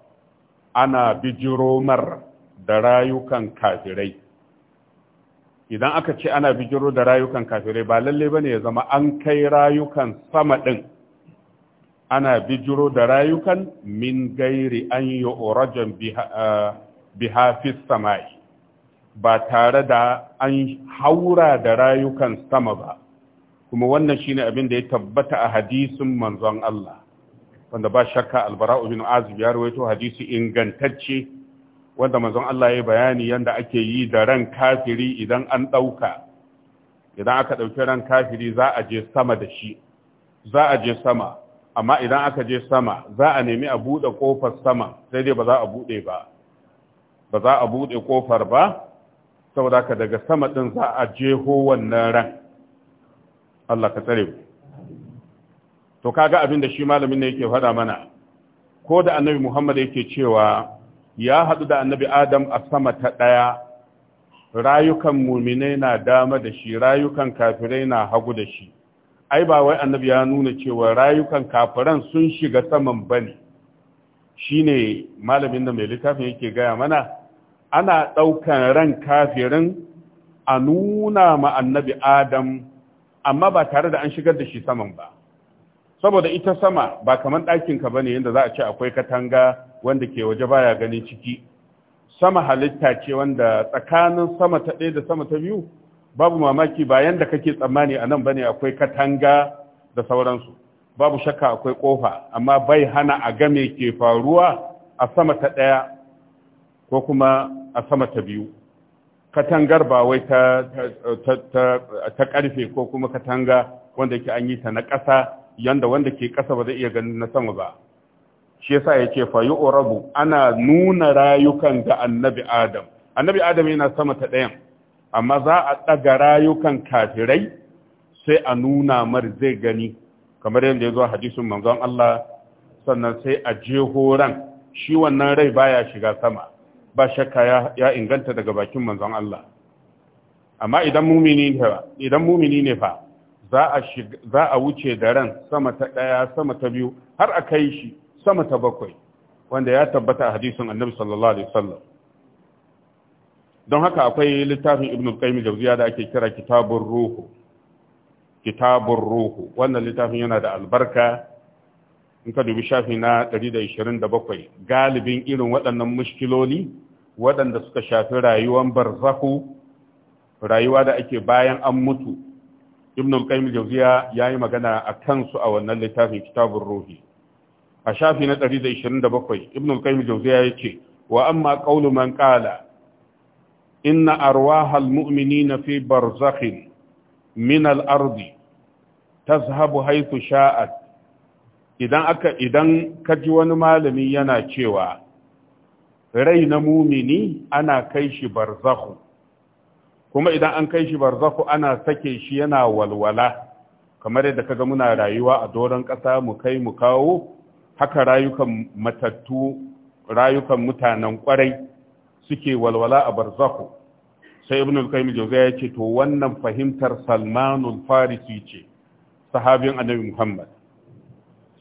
Speaker 1: ana bijiromar da rayukan kafirai idan aka ce ana bijiro da rayukan kafirai ba lalle bane ya zama an kai rayukan sama din ana bijiro da rayukan min gairi an yi orajen biha eh, fi sama'i ba tare da an haura da rayukan sama ba kuma wannan shine abin da ya tabbata a hadisin manzon Allah wanda ba shakka albara'u bin azib ya rawaito hadisi ingantacce wanda manzon Allah ya bayani yanda ake yi da ran kafiri idan an ɗauka idan aka ɗauki ran kafiri za a je sama da shi za a je sama amma idan aka je sama za a nemi a buɗe ƙofar sama sai dai ba za a buɗe ba ba za a buɗe ƙofar ba saboda ka daga sama ɗin za a jeho wannan ran Allah ka tsare mu to kaga abin da shi malamin ne yake faɗa mana ko da annabi Muhammad yake cewa ya haɗu da annabi adam a sama ta ɗaya rayukan muminai na dama da shi rayukan kafirai na hagu da shi ai ba wai annabi ya nuna cewa rayukan kafiran sun shiga saman bane ne malamin da mai littafin yake gaya mana ana ɗaukan ran kafirin a nuna ma annabi adam amma ba tare da an shigar da shi saman ba saboda ita sama ba kamar ɗakinka ba ne yadda za a ce akwai katanga wanda ke waje baya ganin ciki sama halitta ce wanda tsakanin sama ta ɗaya da sama ta biyu babu mamaki ba yadda kake tsammani a nan ba ne akwai katanga da sauransu babu shakka akwai ƙofa amma bai hana a game ke faruwa a sama ta ɗaya ko kuma a sama ta biyu katangar ba wai ta, ta, ƙarfe ko kuma katanga wanda yake an yi ta na ƙasa yanda wanda ke kasa ba zai iya ganin na sama ba shi yasa yake fa yu'rabu ana nuna rayukan ga annabi adam annabi adam yana sama ta ɗayan amma za a ɗaga rayukan kafirai sai a nuna mar zai gani kamar yadda ya zo hadisin manzon Allah sannan sai a je horan. shi wannan rai baya shiga sama ba shakka ya inganta daga bakin manzon Allah amma idan mumini ne fa idan mumini ne fa za a wuce da ran sama ta ɗaya sama ta biyu har a kai shi sama ta bakwai wanda ya tabbata a hadisin annabi sallallahu alaihi wasallam don haka akwai littafin Ibn ibnu qayyim jawziya da ake kira kitabur ruhu kitabur ruhu wannan littafin yana da albarka in ka dubi shafi na 127 galibin irin waɗannan mushkiloli waɗanda suka shafi rayuwar barzahu rayuwa da ake bayan an mutu ibn al-qayyim jawziya yayi magana akan su a wannan littafin kitabur ruhi a shafi na 127 ibn al-qayyim al-jawziya yace wa amma qawlu man qala inna arwahal mu'minina fi barzakhin min al-ardi tazhabu haythu sha'at idan aka idan kaji wani malami yana cewa rai na mumini ana kai shi barzakhu kuma idan an kai shi barzaku ana sake shi yana walwala kamar yadda kaga muna rayuwa a doron ƙasa mu kai mu kawo haka rayukan matattu rayukan mutanen ƙwarai suke walwala a barzaku sai ibn al-qayyim jawziya ya ce to wannan fahimtar Salman al-Farisi ce sahabin Annabi Muhammad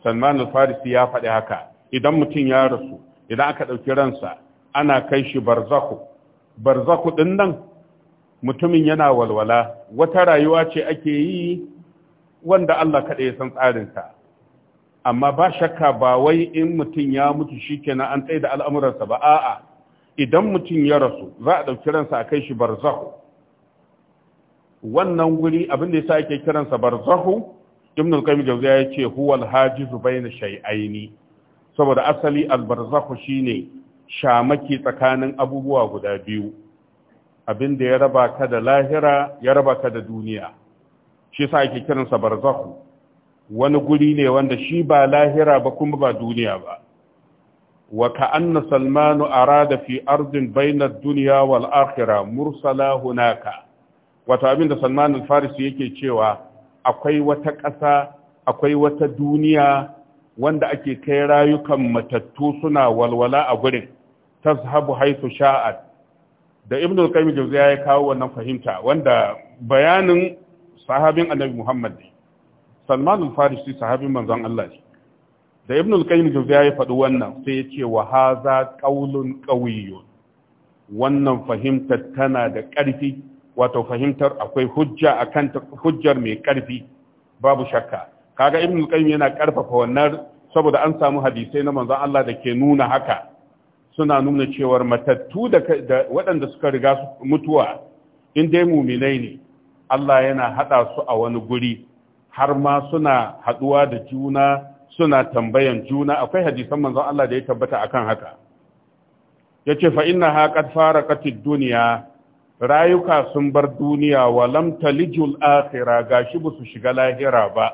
Speaker 1: Salman al-Farisi ya faɗi haka idan mutum ya rasu idan aka ɗauki ransa ana kai shi barzaku barzaku din nan mutumin yana walwala wata rayuwa ce ake yi wanda Allah kaɗa ya san tsarinsa. amma ba shakka ba wai in mutum ya mutu shi kenan an tsaye da al'amuransa ba a'a idan mutum ya rasu za a ɗauki ransa a kai shi barzahu wannan guri abin da yasa ake kiransa barzahu ibn al-qayyim jawziya yace Huwal al bayna shay'aini saboda asali al shine shamaki tsakanin abubuwa guda biyu abin da ya raba ka da lahira ya raba ka da duniya shi sa ake kiransa barzahu wani guri ne wanda shi ba lahira ba kuma ba duniya ba wa ka'anna salmanu arada fi ardin bainar duniya wal akhirah mursala hunaka wato abin da salman al-farisi yake cewa akwai wata ƙasa akwai wata duniya wanda ake kai rayukan matattu suna walwala a gurin tazhabu haythu sha'at da ibn al-qayyim jawziya ya kawo wannan fahimta wanda bayanin sahabin annabi Muhammad ne Salman al-Farisi sahabin manzon Allah ne da ibn al-qayyim jawziya ya faɗi wannan sai ya ce wa haza qaulun qawiyyun wannan fahimtar tana da ƙarfi wato fahimtar akwai hujja akan hujjar mai ƙarfi babu shakka kaga ibn al-qayyim yana ƙarfafa wannan saboda an samu hadisai na manzon Allah da ke nuna haka suna nuna cewar matattu da waɗanda suka riga mutuwa in dai muminai ne Allah yana haɗa su a wani guri har ma suna haɗuwa da juna suna tambayan juna akwai hadisan manzan Allah da ya tabbata akan haka yace fa innaha fara faraqatid duniya? rayuka sun bar duniya wa lam talijul ga gashi ba su shiga lahira ba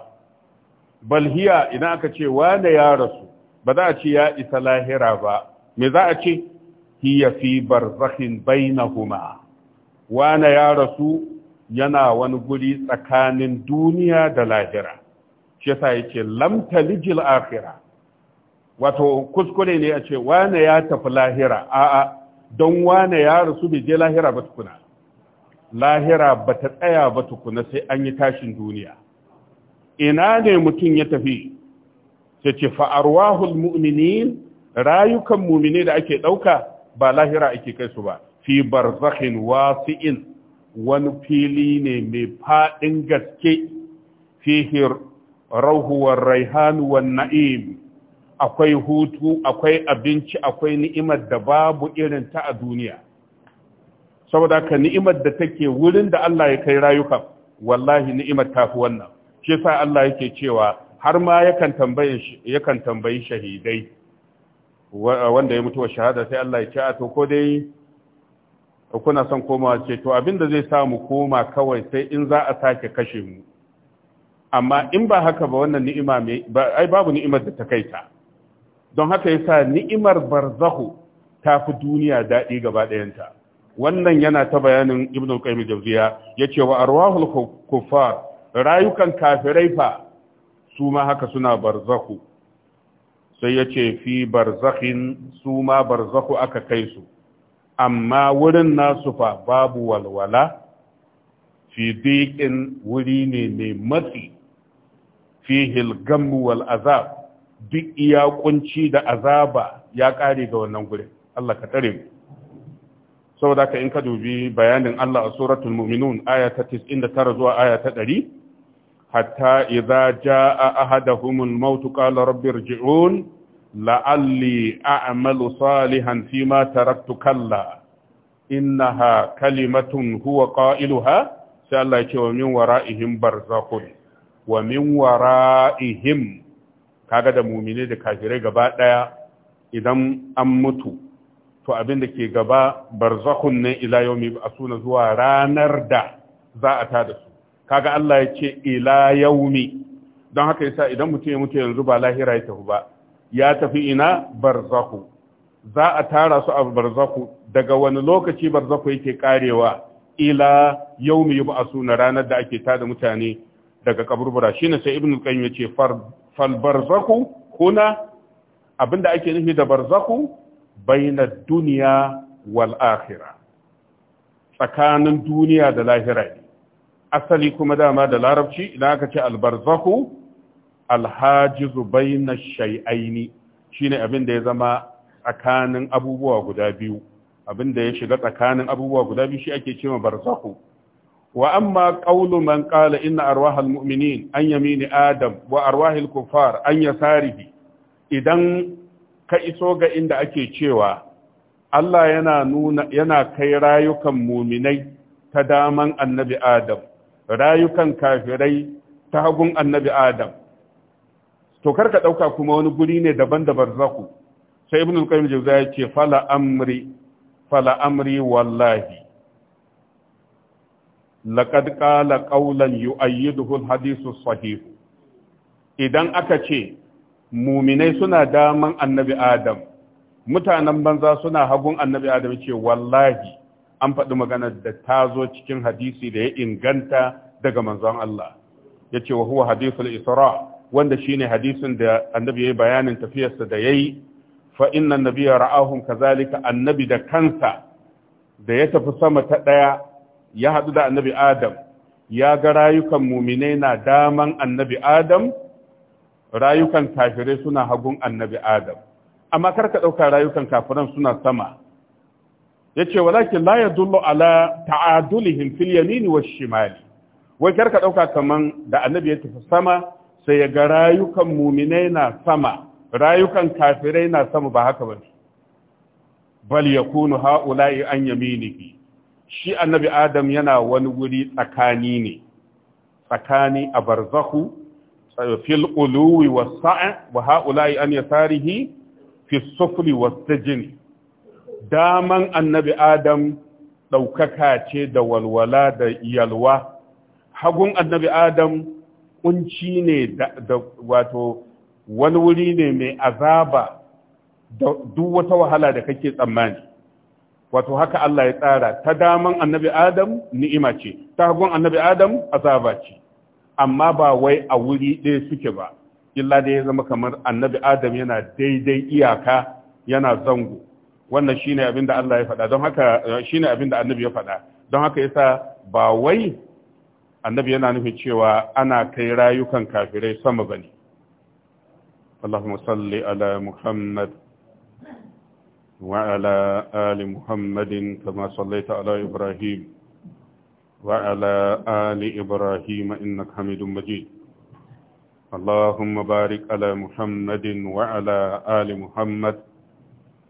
Speaker 1: bal hiya idan aka ce wane ya rasu ba za a ce ya isa lahira ba me za a ce hiya fi barzakhin bainahuma wana ya rasu yana wani guri tsakanin duniya da lahira shi yasa yake lam talijil akhirah wato kuskure ne a ce Wana ya tafi lahira a'a don wana ya rasu bai je lahira ba tukuna lahira ba ta tsaya ba tukuna sai an yi tashin duniya ina ne mutum ya tafi sai ce fa arwahul mu'minin rayukan mumine da ake ɗauka ba lahira ake kai su ba fi barzakhin wasi'in wani fili ne mai faɗin gaske fihir rauhuwar raihanu wan na'im akwai hutu akwai abinci akwai ni'imar da babu irin ta a duniya saboda ka ni'imar da take wurin da Allah ya kai rayuka wallahi ni'imar fi wannan shi yasa Allah yake cewa har ma yakan tambaye yakan tambayi shahidai wanda ya mutuwa shahada sai Allah ya ce a to ko dai kuna son komawa ce to abinda zai sa mu koma kawai sai in za a sake kashe mu amma in ba haka ba wannan ni'ima mai ai babu ni'imar da ta kai ta don haka yasa ni'imar barzahu ta fi duniya daɗi gaba ɗayanta wannan yana ta bayanin ibnu qayyim jawziya yace wa arwahul kuffar rayukan kafirai fa su ma haka suna barzahu sai ya ce fi barzakhin su ma barzakhu aka kai su amma wurin nasu fa babu walwala fi diƙin wuri ne mai matsi Fihil gamm wal azab duk iya kunci da azaba ya kare ga wannan gure Allah ka tare mu saboda ka in ka dubi bayanin Allah a suratul mu'minun aya ta 99 zuwa aya ta 100 hatta idza jaa ahaduhumul maut qala rabbi irji'un la'alli a'malu salihan fima taraktu kalla innaha kalimatun huwa qailuha sai Allah ce wa min wara'ihim barzakhun wa min wara'ihim kaga da mumine da kafirai gaba daya idan an mutu to abinda ke gaba barzakhun ne ila A asuna zuwa ranar da za a tada su kaga Allah ya ce ila yaumi don haka yasa idan mutum ya mutu yanzu ba lahira ya tafi ba ya tafi ina barzahu za a tara su a barzahu daga wani lokaci barzahu yake karewa ila yaumi suna ranar da ake tada mutane daga kaburbura shine sai ibnu qayyim yace fal barzahu kuna abinda ake nufi da barzahu baina duniya wal akhirah tsakanin duniya da lahira asali kuma dama da larabci idan aka ce albarzahu alhajizu bayna shay'aini shine abin da ya zama tsakanin abubuwa guda biyu abin da ya shiga tsakanin abubuwa guda biyu shi ake cewa barzahu wa amma qawlu man qala inna arwahal mu'minin an yamini adam wa arwahil kufar an yasarihi idan ka iso ga inda ake cewa Allah yana nuna yana kai rayukan muminai ta daman annabi Adam rayukan kafirai ta hagun annabi adam to karka ɗauka kuma wani guri ne daban da barzaku sai ibn al-qayyim Jauza ya ce fala amri fala amri wallahi laqad qala qawlan yu'ayyiduhu al hadisu sahihu. idan aka ce muminai suna daman annabi adam mutanen banza suna hagun annabi adam ce wallahi an faɗi maganar da ta zo cikin hadisi da ya inganta daga manzon Allah ya ce wa huwa hadisul isra wanda shine hadisin da annabi ya yi bayanin tafiyarsa da yayi fa inna nabiyya ra'ahum kazalika annabi da kansa da ya tafi sama ta ɗaya. ya haɗu da annabi adam ya ga rayukan muminai na daman annabi adam rayukan kafirai suna hagun annabi adam amma karka ɗauka rayukan kafiran suna sama yace walakin la yadullu ala ta'adulihim fil yamin wash shimal wai karka dauka kaman da annabi ya tafi sama sai ya ga rayukan mu'minai na sama rayukan kafirai na sama ba haka ba. bal kunu haula'i an yaminihi shi annabi adam yana wani wuri tsakani ne tsakani a barzahu fil uluwi was sa'a wa haula'i an yasarihi fi sufli was daman annabi adam ɗaukaka ce da walwala da yalwa hagun annabi adam kunci ne da wato wani wuri ne mai azaba da duk wata wahala da kake tsammani wato haka Allah ya tsara ta daman annabi adam ni'ima ce ta hagun annabi adam azaba ce amma ba wai a wuri ɗaya suke ba illa da ya zama kamar annabi adam yana daidai iyaka yana zango wannan shine abin da Allah ya faɗa don haka eh, shine abin da annabi ya faɗa don haka yasa ba wai annabi yana nufin cewa ana kai rayukan kafirai sama bane Allahumma salli ala Muhammad وعلى آل محمد كما صليت على إبراهيم ali Ibrahim إبراهيم إنك حميد مجيد اللهم بارك على محمد وعلى ali Muhammad.